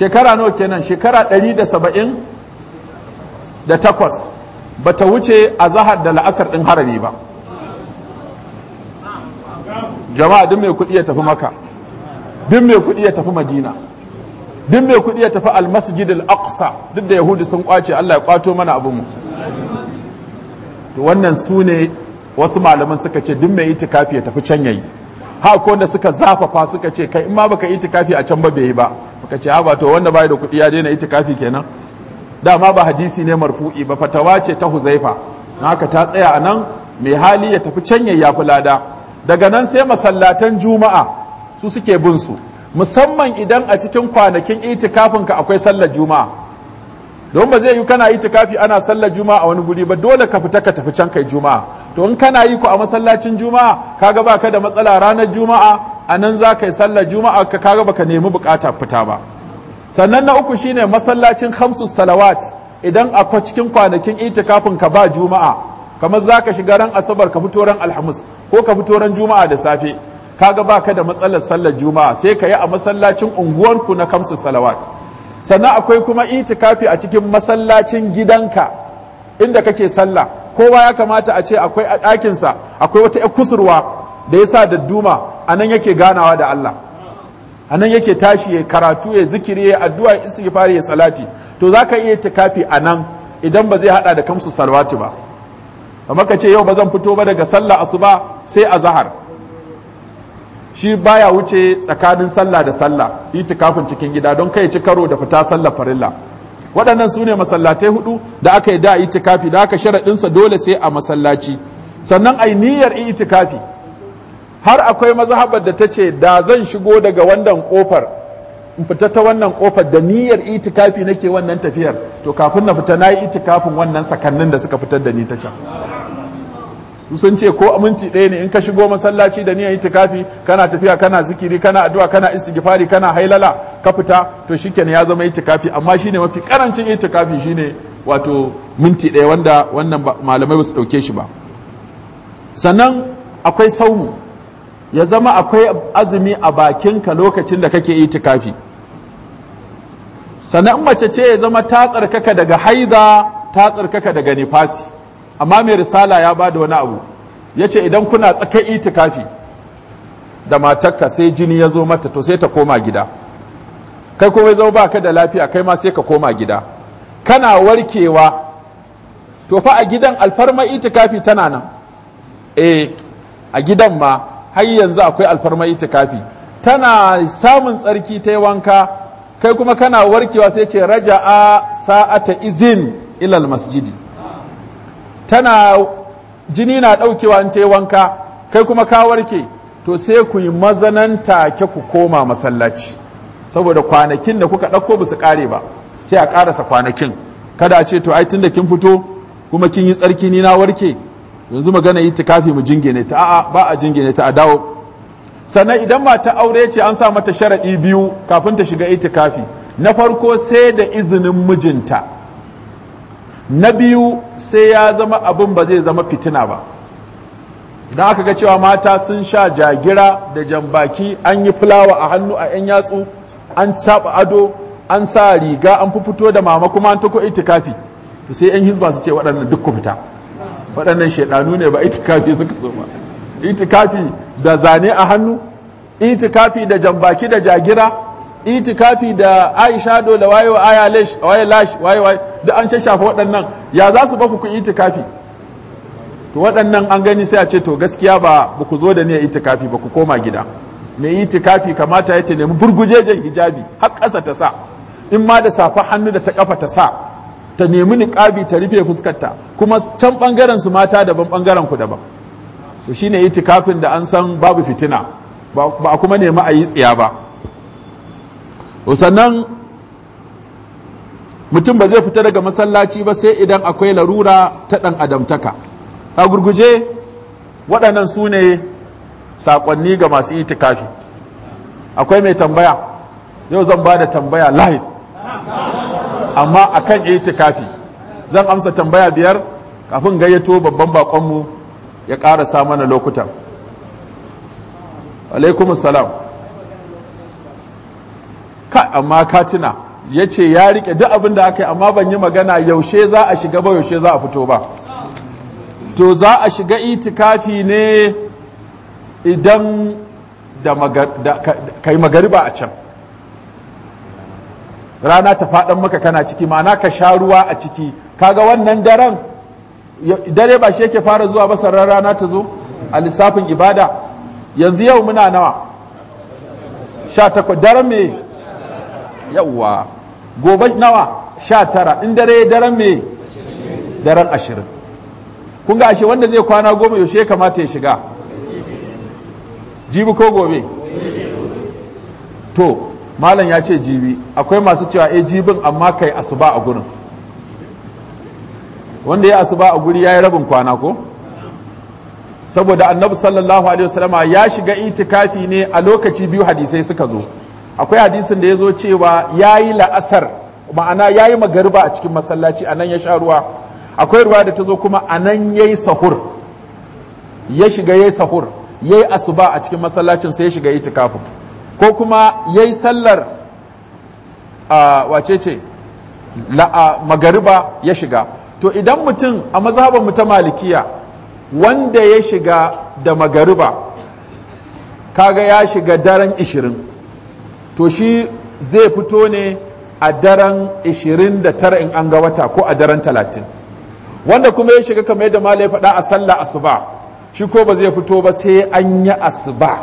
shekara nawa kenan shekara 178 ba ta wuce a zahar da la'asar ɗin harami ba jama'a duk mai kudi ya tafi maka duk mai kudi ya tafi madina duk mai kudi ya tafi almasjid al-aqsa duk da yahudi sun kwace allah ya kwato mana mu wannan su ne wasu malaman suka ce duk mai itikafi ya tafi can yayi ha ko da suka zafafa suka ce kai in ma baka itikafi a can ba bai yi ba ka ce haba to wanda bai da kuɗi ya daina itikafi kenan dama ba hadisi ne marfu'i ba fatawa ce ta huzaifa na haka ta tsaya a nan mai hali ya tafi can ya fi lada daga nan sai masallatan juma'a su suke bin su musamman idan a cikin kwanakin itikafin ka akwai sallar juma'a don ba zai yi kana itikafi ana sallar juma'a a wani guri ba dole ka fita ka tafi can kai juma'a to in kana yi ku a masallacin juma'a kaga baka da matsala ranar juma'a a nan za ka yi sallar juma'a ka kaga ka nemi bukata fita ba sannan na uku shine masallacin hamsu salawat idan akwai cikin kwanakin itikafin ka ba juma'a kamar za ka shiga ran asabar ka fito ran alhamis ko ka fito ran juma'a da safe kaga ka da matsalar sallar juma'a sai ka yi a masallacin unguwarku na kamsu salawat sannan akwai kuma itikafi a cikin masallacin gidanka inda kake sallah kowa ya kamata a ce akwai a ɗakinsa akwai wata kusurwa da ya sa dadduma a nan yake ganawa da Allah a nan yake tashi ya karatu ya zikiri ya addu'a ya istighfari ya salati to za ka iya tikafi a nan idan ba zai hada da kamsu salwati ba amma ka ce yau ba zan fito ba daga sallah ba sai a zahar shi baya wuce tsakanin sallah da sallah itikafin cikin gida don kai ci karo da fita sallah farilla waɗannan su ne masallatai hudu da aka yi da a itikafi da aka sharaɗinsa dole sai a masallaci sannan ai niyyar itikafi har akwai mazhabar da ta ce da zan shigo daga wannan kofar in fita ta wannan kofar da niyyar itikafi nake wannan tafiyar to kafin na fita nayi itikafin wannan sakannin da suka fitar da ni ta can sun ce ko aminci ɗaya ne in ka shigo masallaci da niyyar itikafi kana tafiya kana zikiri kana addu'a kana istighfari kana hailala ka fita to shikenan ya zama itikafi amma shine mafi karancin itikafi shine wato minti ɗaya wanda wannan malamai ba su ɗauke shi ba sannan akwai saumu ya zama akwai azumi a bakinka lokacin da kake itikafi sannan mace ce ya zama ta tsarkaka daga haiza ta tsarkaka daga nifasi amma mai risala ya ba da wani abu ya ce idan kuna tsakar itikafi da matarka sai jini ya zo mata to sai ta koma gida kai kuma zama ba ka da lafiya kai ma sai ka koma gida kana warkewa to fa a gidan alfarma itikafi tana nan eh a gidan ma har yanzu akwai alfarma itikafi tana samun tsarki ta wanka kai kuma kana warkewa sai ce raja a sa'ata izin ilal masjidi tana jini na daukewa in ta wanka kai kuma ka warke to sai ku yi mazananta ke ku koma masallaci saboda kwanakin da kuka ɗauko ba su ƙare ba sai a ƙarasa kwanakin kada a ce to ai tun da kin fito kuma kin yi tsarki ni na warke yanzu magana kafi mu jingine ta a'a ba a jingine ta a dawo sannan idan mata aure ce an sa mata sharaɗi biyu kafin ta shiga itikafi na farko sai da izinin mijinta na biyu sai ya zama abin ba zai zama fitina ba idan aka ga cewa mata sun sha jagira da jambaki an yi fulawa a hannu a 'yan yatsu an caɓa ado an sa riga an fi fito da mama kuma an tako itikafi sai 'yan hizba su ce waɗannan duk ku fita waɗannan shaiɗanu ne ba itikafi suka zo ba itikafi da zane a hannu itikafi da jambaki da jagira itikafi da aisha dole. da waye aya lash waye lash waye waye da an shashafa waɗannan ya za su baku ku itikafi to waɗannan an gani sai a ce to gaskiya ba ba ku zo da ni ne itikafi ba ku koma gida mai itikafi kamata ya ta nemi burgujejen hijabi har ƙasa ta sa in ma da safa hannu da ta ƙafa ta sa ta nemi niƙabi ta rufe fuskarta kuma can ɓangaren su mata daban ɓangaren ku daban to shine itikafin da an san babu fitina ba a kuma nemi a yi tsiya ba sannan mutum ba zai fita daga masallaci ba sai idan akwai larura ta ɗan adamtaka a gurguje waɗannan su ne saƙonni ga masu itikafi akwai mai tambaya yau zan ba da tambaya live amma a akan itikafi zan amsa tambaya biyar kafin gayyato babban bakonmu ya ƙarasa mana lokuta alaikum salam ka amma katina ya ce ya rike duk abin da aka yi amma ban yi magana yaushe za a shiga ba yaushe za a fito ba to za a shiga itikafi ne idan da kai magariba a can rana ta faɗan maka kana ciki ma'ana ka sha ruwa a ciki kaga wannan daren dare ba shi yake fara zuwa ba sarar rana ta zo a lissafin ibada yanzu yau muna nawa sha takwas daren me yawwa gobe nawa sha tara in dare daren me daren ashirin kun ga ashe wanda zai kwana goma yaushe ya kamata ya shiga jibi ko gobe to malam ya ce jibi akwai masu cewa eh jibin amma kai asuba a gurin wanda ya asuba a guri yi rabin kwana ko saboda annabi sallallahu alaihi wasallama ya shiga itikafi ne a lokaci biyu hadisai suka zo akwai hadisin da ya zo cewa ya yi la'asar ma'ana yayi magarba a cikin masallaci a nan ya sha ruwa akwai ruwa da ta zo kuma a nan ya yi sahur ya shiga ya yi sahur ya yi asuba a cikin masallacin sai ya shiga itikafin ko kuma ya yi sallar a wace ce magariba ya shiga to idan mutum a mazhabar mu ta malikiya wanda ya shiga da magariba kaga ya shiga daren ishirin to shi zai fito ne a daren da tara in an ga wata ko a daren talatin, wanda kuma ya shiga kamar yadda malai faɗa a sallah asuba shi ko ba zai fito ba sai an yi asuba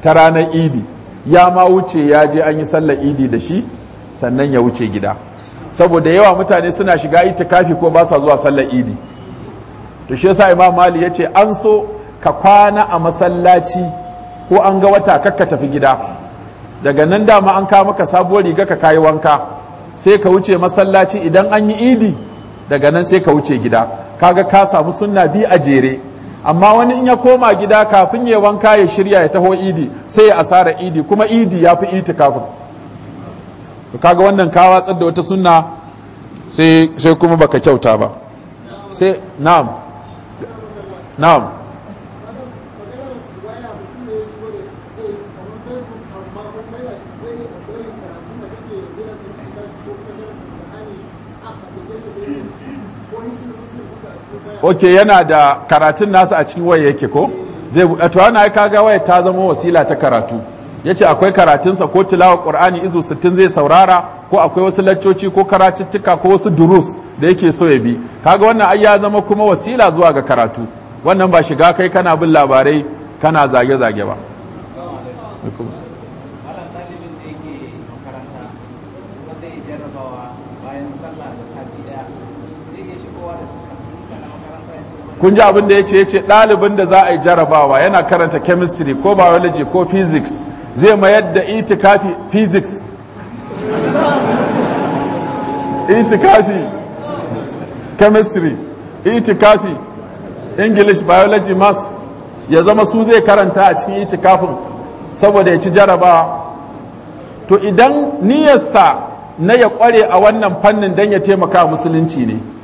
ta ranar idi ya ma wuce ya je an yi sallar idi da shi sannan ya wuce gida saboda yawa mutane suna shiga itikafi ko ba sa zuwa sallar idi to shi yasa imam mali ya ce an so ka kwana a masallaci ko an ga wata kakka tafi gida daga nan dama an kawo maka sabuwar riga ka kayi wanka sai ka wuce masallaci idan an yi idi daga nan sai ka wuce gida kaga ka samu sunna bi a jere amma wani in ya koma gida kafin ya wanka ya shirya ya taho idi sai ya asara idi kuma idi ya fi iti kafin to kaga wannan ka watsar da wata sunna sai kuma baka kyauta ba sai na'am na'am ok yana da karatun nasa a cikin waya yake ko zai buɗa to yana kaga waya ta zama wasila ta karatu ya ce akwai karatunsa ko tilawa ƙur'ani izu sittin zai saurara ko akwai wasu laccoci ko karatuttuka ko wasu durus da yake so ya bi kaga wannan ai ya zama kuma wasila zuwa ga karatu wannan ba shiga kai kana bin labarai kana zage-zage ba kun ji abin da ya ce ya ce ɗalibin da za a yi jarabawa yana karanta chemistry ko biology ko physics zai mayar da itikafi physics itikafi chemistry itikafi english biology mass ya zama su zai karanta a cikin itikafin saboda ya ci jarabawa to idan niyyarsa na ya kware a wannan fannin don ya taimaka musulunci ne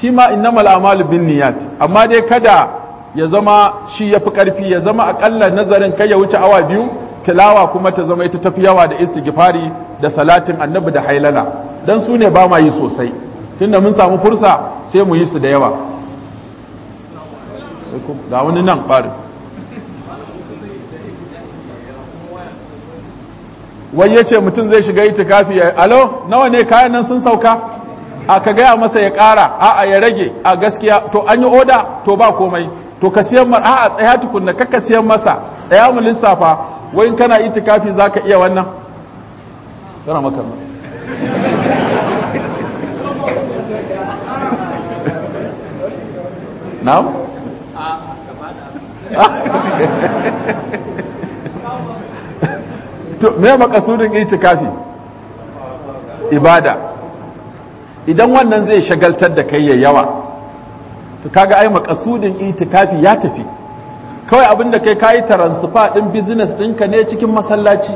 shi ma innamal amalu bin niyat amma dai kada ya zama shi yafi fi ƙarfi ya zama aƙalla nazarin kai ya wuce awa biyu tilawa kuma ta zama ita tafi yawa da istighfari da salatin annabi da hailala dan su ne ba ma yi sosai tunda mun samu fursa sai mu yi su da yawa ga wani nan wai ya ce mutum zai shiga itikafi alo nawa ne kayan nan sun sauka a ka gaya masa ya ƙara a'a ya rage a gaskiya to an yi oda to ba komai to ka siyan mar a'a tsaya tukunna ka siyan masa tsaya mu lissafa wai kana itikafi zaka iya wannan kana maka na'am to me makasudin itikafi ibada idan wannan zai shagaltar da kai ya yawa to kaga ai makasudin itikafi ya tafi kawai abin da kai kayi taransifa din business ɗinka ne cikin masallaci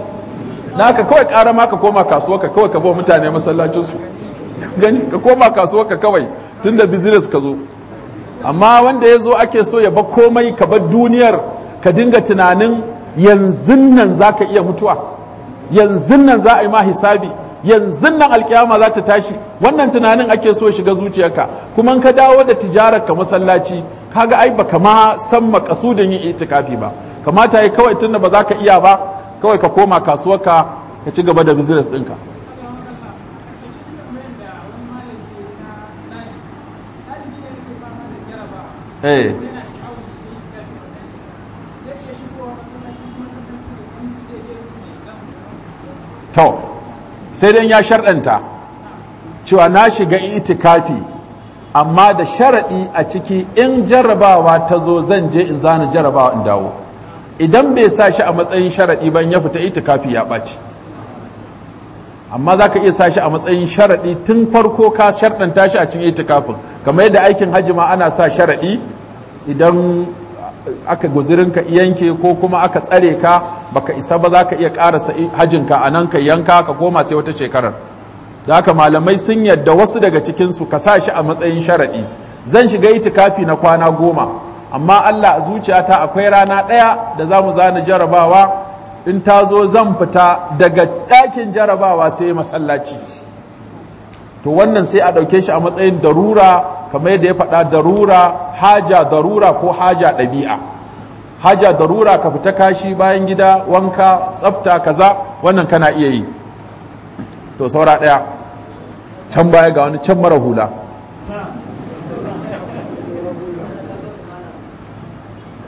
naka kawai ƙara ma ka koma kasuwa ka kawai ka bawa mutane masallacin su gani ka koma kasuwa ka kawai tunda business ka zo amma wanda ya zo ake so ya bar komai ka bar duniyar ka dinga tunanin yanzu nan za ka iya mutuwa yanzu nan za a yi ma hisabi yanzu nan alkiyama za ta tashi wannan tunanin ake so shiga zuciyarka kuma in ka dawo da tijarar ka masallaci kaga ai baka ma san makasudin yin itikafi ba kamata yi kawai tunda ba za ka iya ba kawai ka koma kasuwarka ka ci gaba da business ɗinka. Hey. Eh. sai dai ya sharɗanta cewa na shiga itikafi amma da sharaɗi a ciki in jarrabawa ta zo zan je in zana jarrabawa in dawo idan bai sa shi a matsayin sharaɗi ba ban ya fita itikafi ya ɓaci amma za ka iya sa shi a matsayin sharaɗi tun farko ka sharɗanta shi a cikin itikafin kamar yadda aikin hajji ma ana sa sharaɗi idan aka guzirinka yanke ko kuma aka tsare ka baka isa ba za ka iya ƙarasa hajinka a nan ka yanka ka koma sai wata shekarar da haka malamai sun yadda wasu daga cikinsu ka sa shi a matsayin sharaɗi zan shiga itikafi na kwana goma amma Allah a zuciyata akwai rana ɗaya da za mu zana jarabawa in ta zo zan fita daga ɗakin jarabawa sai masallaci to wannan sai a ɗauke shi a matsayin darura kamar yadda ya faɗa darura haja darura ko haja ɗabi'a haja darura ka fita kashi bayan gida wanka tsafta kaza wannan kana iya yi to saura daya can baya ga wani can mara hula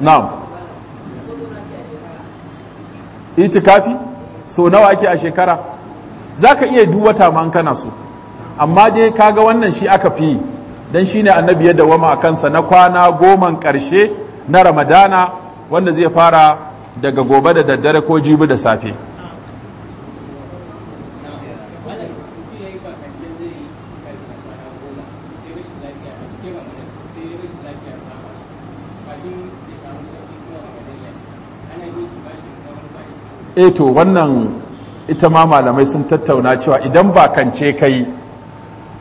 na'am itikafi so nawa ake a shekara zaka iya duwata ma kana so amma dai kaga wannan shi aka fi dan shine annabi ya dawama a kansa na kwana goma karshe na ramadana wanda zai fara daga gobe da daddare ko jibi da safe eto eh wannan ita ma malamai sun tattauna cewa idan bakance kai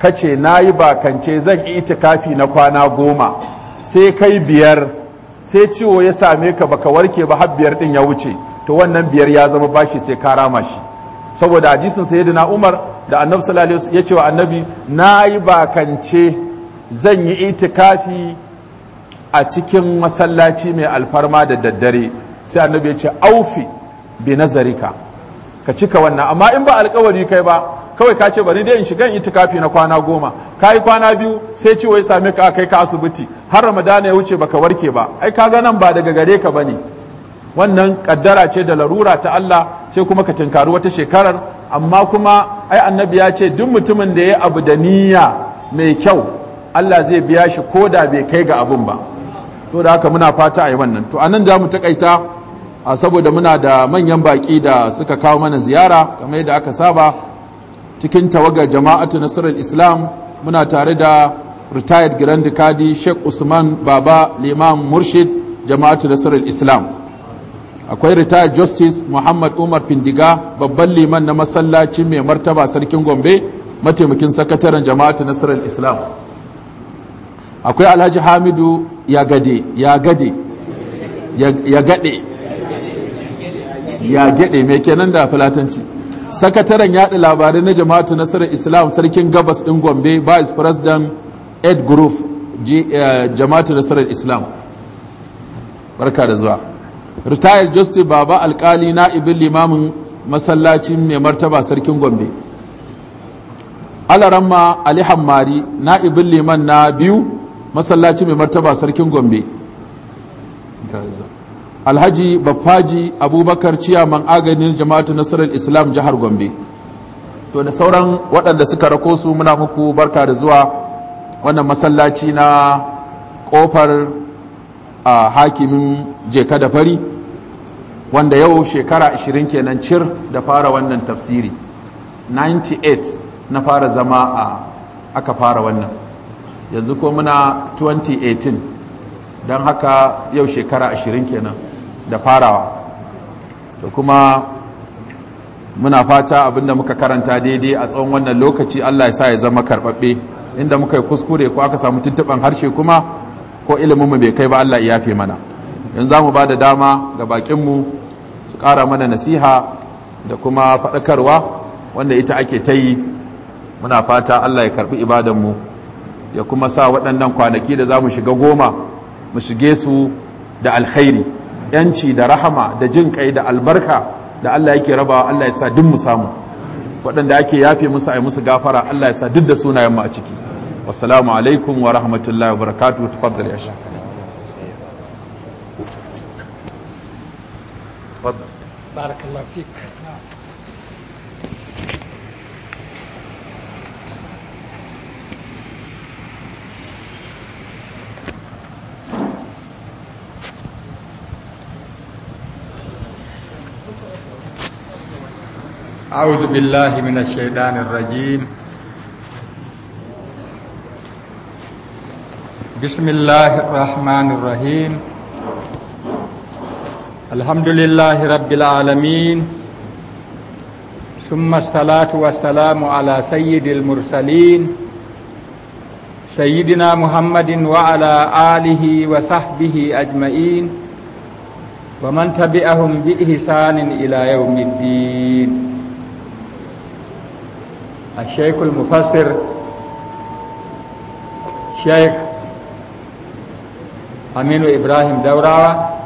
kace na yi bakance zan itikafi na kwana goma sai kai biyar sai ciwo ya same ka baka warke ba har biyar din ya wuce to wannan biyar ya zama bashi sai ka rama shi saboda hadisin sayyidina Umar da Annabi sallallahu alaihi wasallam ya ce wa Annabi nayi bakance zan yi itikafi a cikin masallaci mai alfarma da daddare sai Annabi ya ce aufi bi nazarika ka cika wannan amma in ba alkawari kai ba kawai ka ce bari dai in shiga in itikafi na kwana goma ka yi kwana biyu sai ciwo ya same ka kai ka asibiti har ramadana ya wuce baka warke ba ai kaga nan ba daga gare ka bane wannan kaddara ce da larura ta Allah sai kuma ka tinkari wata shekarar amma kuma ai annabi ya ce duk mutumin da ya abu da niyya mai kyau Allah zai biya shi ko da bai kai ga abun ba so da haka muna fata a yi wannan to anan za mu takaita saboda muna da manyan baki da suka kawo mana ziyara kamar yadda aka saba cikin tawagar jama'atu nasarar islam muna tare da retired grand kadi sheikh usman baba liman murshid jama'atu nasarar islam akwai retired justice muhammad umar findiga babban liman na masallaci mai martaba sarkin gombe mataimakin sakataren jama'atu nasarar islam akwai alhaji hamidu ya gade ya gade ya gade ya gade mai kenan da filatanci sakataren yaɗa labarai na jama'atu nasarar islam sarkin gabas ɗin gombe vice president ed group eh, jama'atu nasarar islam barka da zuwa retired justice baba alkali na'ibin limamin masallacin mai martaba sarkin gombe alaramma ali hammari na'ibin liman na biyu masallacin mai martaba sarkin gombe alhaji bafaji abubakar ciyaman aganin jama'atu nasarar islam jihar gombe to da sauran waɗanda suka rako su muna muku barka da zuwa wannan masallaci na ƙofar a hakimin jeka da fari wanda yau shekara 20 kenan cir da fara wannan tafsiri 98 na fara zama a aka fara wannan yanzu ko muna 2018 don haka yau shekara 20 kenan da farawa to kuma muna fata abinda muka karanta daidai a tsawon wannan lokaci Allah ya sa ya zama karbabbe inda muka yi kuskure ko aka samu tuntuɓan harshe kuma ko ilimin mu bai kai ba Allah ya yafe mana yanzu za mu ba da dama ga bakinmu su kara mana nasiha da kuma faɗakarwa wanda ita ake ta yi muna fata Allah ya karɓi ibadanmu ya kuma sa waɗannan kwanaki da za mu shiga goma mu shige su da alkhairi yanci da rahama da jin kai da albarka da Allah yake rabawa Allah ya sa duk mu samu waɗanda ake yafe musu ai musu gafara Allah ya sa duk da sunayen mu a ciki wassalamu alaikum wa rahmatullahi wa barakatuh tafaddal ya أعوذ بالله من الشيطان الرجيم بسم الله الرحمن الرحيم الحمد لله رب العالمين ثم الصلاة والسلام على سيد المرسلين سيدنا محمد وعلى آله وصحبه أجمعين ومن تبعهم بإحسان إلى يوم الدين a shaikul mufassir shaik aminu ibrahim daurawa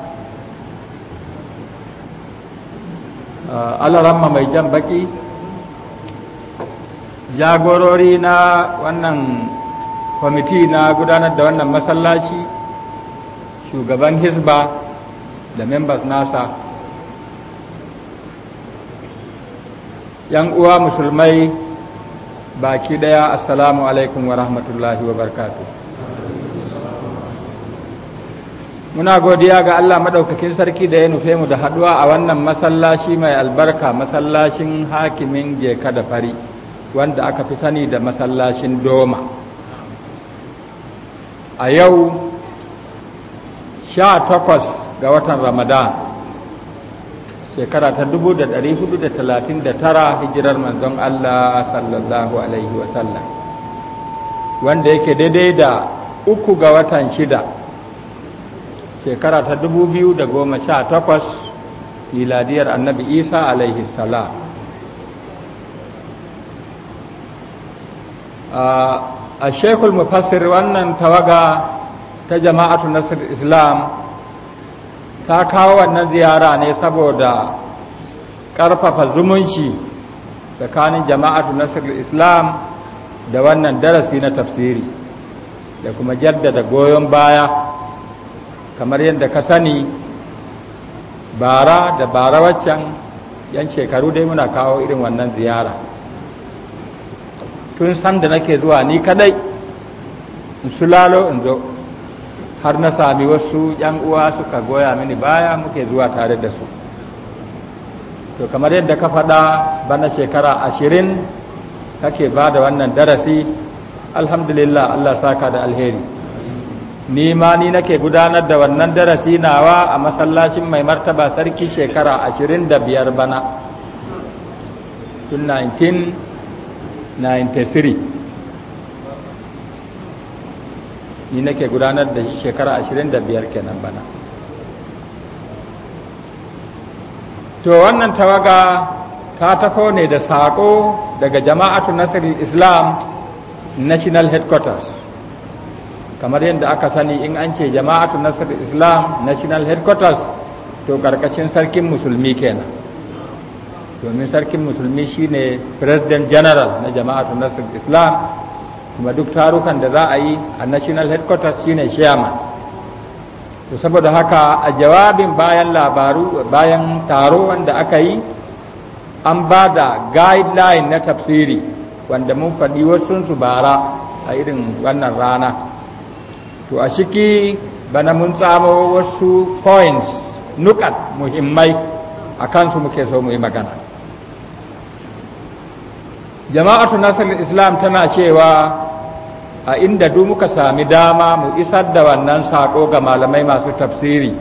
alaramma mai jan baki jagorori na wannan kwamiti na gudanar da wannan masallaci shugaban hisba da members nasa yan uwa musulmai baki daya assalamu alaikum wa rahmatullahi wa barkatu muna godiya ga Allah madaukakin sarki da ya nufe mu da haduwa a wannan masallaci mai albarka masallacin hakimin jeka da fari wanda aka fi sani da masallacin doma a yau sha takwas ga watan ramadan shekara ta 439 hijirar manzon Allah sallallahu alaihi wasallam wanda yake daidai da uku ga watan shida shekara ta 2018 miladiyar annabi isa alaihi salam a shekul mufassir wannan tawaga ta jama'atu nasir islam ta kawo wannan ziyara ne saboda ƙarfafa zumunci tsakanin jama'atu nasirar islam da wannan darasi na tafsiri da kuma jaddada goyon baya kamar yadda ka sani bara da bara waccan yan shekaru dai muna kawo irin wannan ziyara tun sanda nake zuwa ni kadai in sulalo in zo har na sami wasu yan uwa suka goya mini baya muke zuwa tare da su to kamar yadda ka faɗa bana shekara ashirin kake ba da wannan darasi alhamdulillah allah saka da alheri ni ma ni nake gudanar da wannan darasi nawa a masallacin mai martaba sarki shekara ashirin da biyar bana tun 1993 ni nake gudanar da shi shekara 25 kenan bana to wannan tawaga ta tafo ne da saƙo daga jama'atu nasirin islam national headquarters kamar yadda aka sani in an ce jama'atu nasirin islam national headquarters to karkashin sarkin musulmi kenan domin sarkin musulmi shine president general na jama'atu nasirin islam kuma duk tarukan da za a yi a national headquarters shine chairman to saboda haka a jawabin bayan labaru bayan taro wanda aka yi an ba da guideline na tafsiri wanda mun faɗi wasu su bara a irin wannan rana to a ciki bana mun tsamo wasu points nukat muhimmai a kansu muke so mu yi magana jama'atu nasarar islam tana cewa a inda duk muka sami dama mu isar da wannan saƙo ga malamai masu tafsiri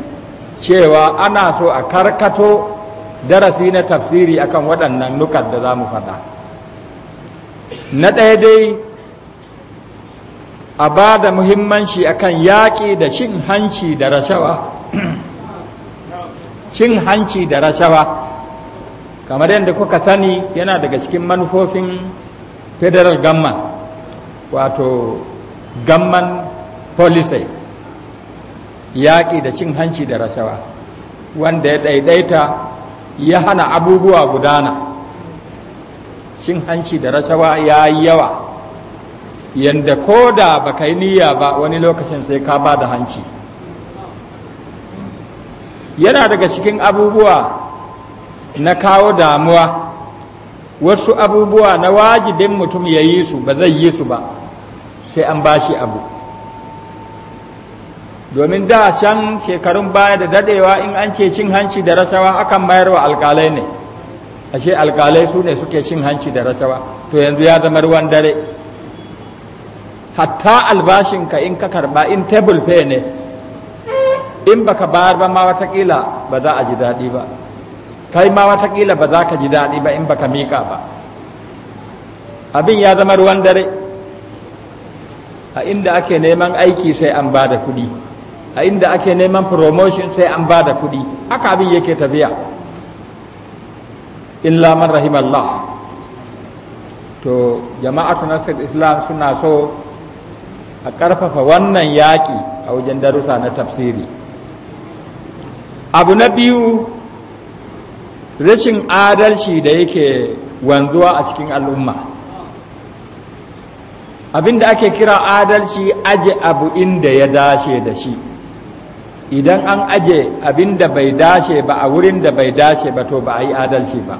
cewa ana so a karkato darasi na tafsiri akan waɗannan nukar da za mu faɗa na ɗaya dai a ba da muhimmanci akan yaƙi da cin hanci da rashawa cin hanci da rashawa kamar yadda kuka sani yana daga cikin manufofin federal government wato gamman policy yaƙi da cin hanci da rashawa wanda ya ɗaiɗaita ya hana abubuwa gudana cin hanci da rashawa ya yi yawa yadda ko da ba ka yi niyya ba wani lokacin sai ka ba da hanci yana daga cikin abubuwa na kawo damuwa wasu abubuwa na wajibin mutum ya yi su ba zai yi su ba sai an shi abu domin da can shekarun baya da dadewa in an ce cin hanci da rasawa akan mayar wa alkalai ne ashe alkalai su ne suke cin hanci da rasawa to yanzu ya zama ruwan dare hatta albashinka in ka karba in table pay ne in baka bayar ba ma watakila ba za a ji daɗi ba kai ma watakila ba za ka ji daɗi ba in baka mika ba abin ya zama ruwan dare a inda ake neman aiki sai an ba da kuɗi a inda ake neman promotion sai an ba da kuɗi haka abin yake tafiya illa man rahimallah to jama'atu nasir islam suna so a ƙarfafa wannan yaƙi a wajen darussa na tafsiri abu na biyu rashin adalci da yake wanzuwa a cikin al'umma abinda ake kira adalci aje abu inda ya dace da shi idan an aje abinda bai dace ba a wurin da bai dace ba to ba a yi adalci ba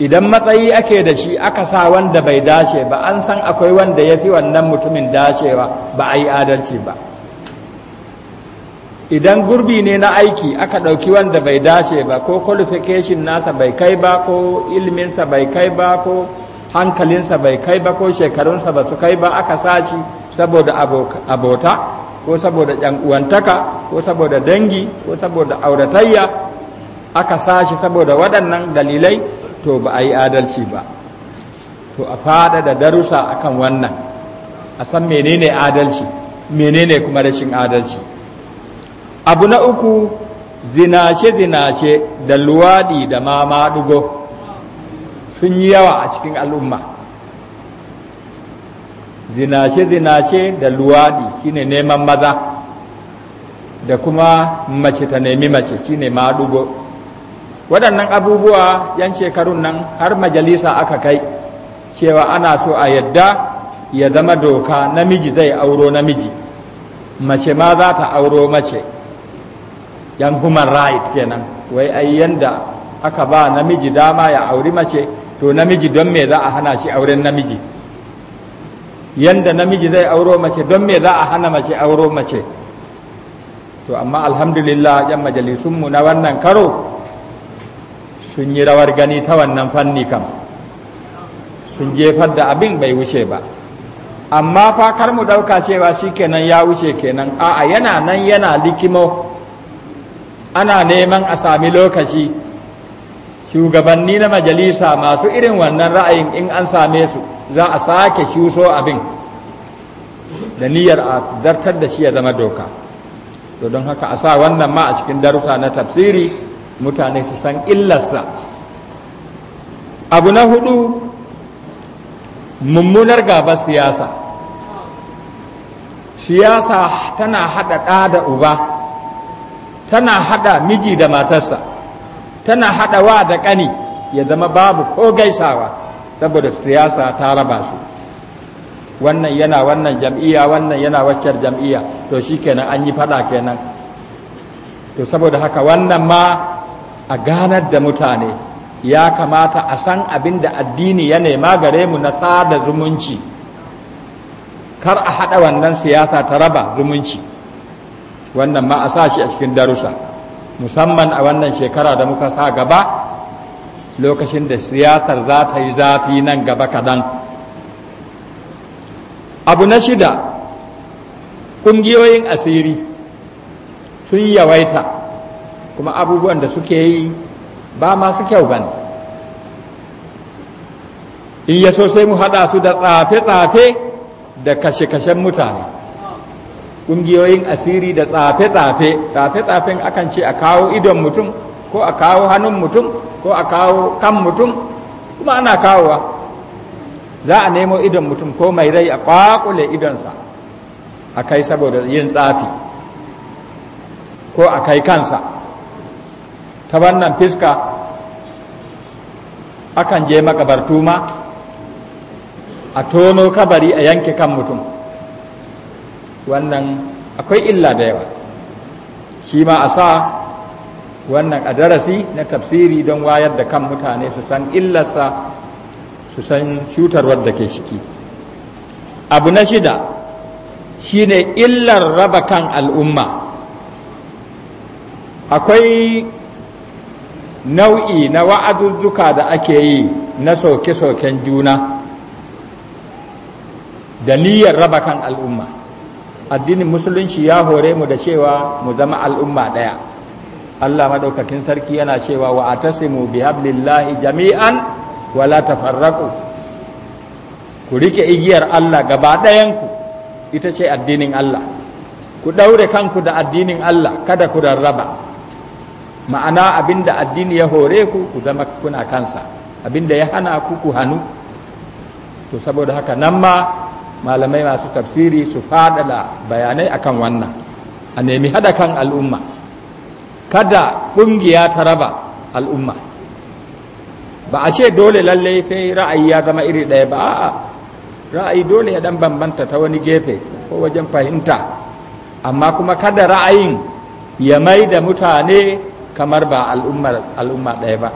idan matsayi ake da shi aka sa wanda bai dace ba an san akwai wanda ya fi wannan mutumin dacewa ba a yi adalci ba idan gurbi ne na aiki aka ɗauki wanda bai dace ba ko qualification nasa bai kai ba ko ilminsa bai kai ba ko hankalinsa bai kai ba ko shekarunsa ba su kai ba aka sashi saboda abota ko saboda uwantaka ko saboda dangi ko saboda auratayya aka sashi saboda waɗannan dalilai to ba a yi adalci ba to a fada da darussa akan wannan a san menene adalci menene kuma rashin adalci abu na uku zinace-zinace da luwaɗi da ma maɗugo sun yi yawa a cikin al'umma zinace-zinace da luwaɗi shine neman maza da kuma mace ta nemi mace shine maɗugo waɗannan abubuwa yan shekarun nan har majalisa aka kai cewa ana so a yadda ya zama doka namiji zai auro namiji mace ma za ta auro mace yan human right kenan wai ai yanda aka ba namiji dama ya auri mace to namiji don me za a hana shi auren namiji yanda namiji zai auro mace don me za a hana mace auro mace to amma alhamdulillah yan majalisunmu na wannan karo sun yi rawar gani ta wannan fanni kam sun jefar da abin bai wuce ba amma fa kar mu ɗauka cewa shi kenan ya wuce kenan a'a yana nan yana likimo ana neman a sami lokaci shugabanni na majalisa masu irin wannan ra'ayin in an same su za a sake shuso abin da niyyar a zartar da shi ya zama doka to don haka a sa wannan ma a cikin darussa na tafsiri mutane su san illarsa abu na hudu mummunar gaba siyasa siyasa tana hada ɗa da uba tana hada miji da matarsa tana wa da ƙani ya zama babu ko gaisawa saboda siyasa ta raba su wannan yana wannan jam'iyya wannan yana waccar jam'iyya to shi kenan an yi faɗa kenan to saboda haka wannan ma a ganar da mutane ya kamata a san abin da addini ya nema gare mu na sada zumunci kar a haɗa wannan siyasa ta raba zumunci wannan ma a sa shi a cikin darussa musamman a wannan shekara da muka sa gaba lokacin da siyasar za ta yi zafi nan gaba kadan abu na shida ƙungiyoyin asiri sun yawaita kuma abubuwan da suke yi ba masu kyau ba ne in ya sai mu haɗa su da tsafe-tsafe da kashe-kashen mutane ƙungiyoyin asiri da tsafe-tsafe tsafe-tsafen akan ce a kawo idon mutum ko a kawo hannun mutum ko a kawo kan mutum kuma ana kawowa za a nemo idon mutum ko mai rai a kwakule idonsa a kai saboda yin tsafi ko a kai kansa ta wannan fiska akan je makabartu ma a tono kabari a yanke kan mutum wannan akwai illa da yawa shi ma a sa wannan a darasi na tafsiri don wayar da kan mutane su san illarsa su san cutarwar da ke shiki abu na shida shi ne illar raba kan al'umma akwai nau'i na wa'azuzzuka da ake yi na sauke-sauken juna da niyyar raba kan al'umma addinin musulunci ya hore mu da cewa mu zama al'umma ɗaya Allah maɗaukakin sarki yana cewa wa bi bihablillahi jami'an wala tafarraku ku rike igiyar Allah gaba ɗayanku ita ce addinin Allah ku ɗaure kanku da addinin Allah kada ku rarraba ma'ana abinda addini ya hore ku ku zama kuna kansa abinda ya hana ku ku hannu to saboda haka nan ma malamai masu tafsiri su faɗaɗa bayanai akan wannan a nemi haɗa kan al'umma kada ƙungiya ta raba al'umma ba a ce dole lallai sai ra'ayi ya zama iri ɗaya ba a'a ra'ayi dole ya ɗan bambanta ta wani gefe ko wajen fahimta amma kuma kada ra'ayin ya mai da mutane kamar ba al'umma ɗaya ba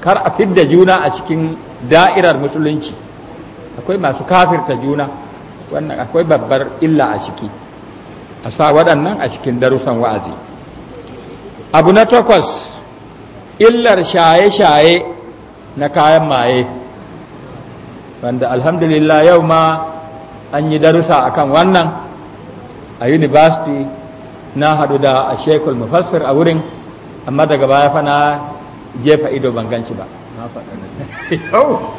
kar a fidda juna a cikin da'irar musulunci akwai masu kafirta juna wannan akwai babbar illa a ciki a sa waɗannan a cikin darussan wa'azi abu na takwas illar shaye-shaye na kayan maye wanda alhamdulillah yau ma an yi darussa akan wannan a university na haɗu da a shekul mufassir a wurin amma daga baya fana jefa ido ban ganci ba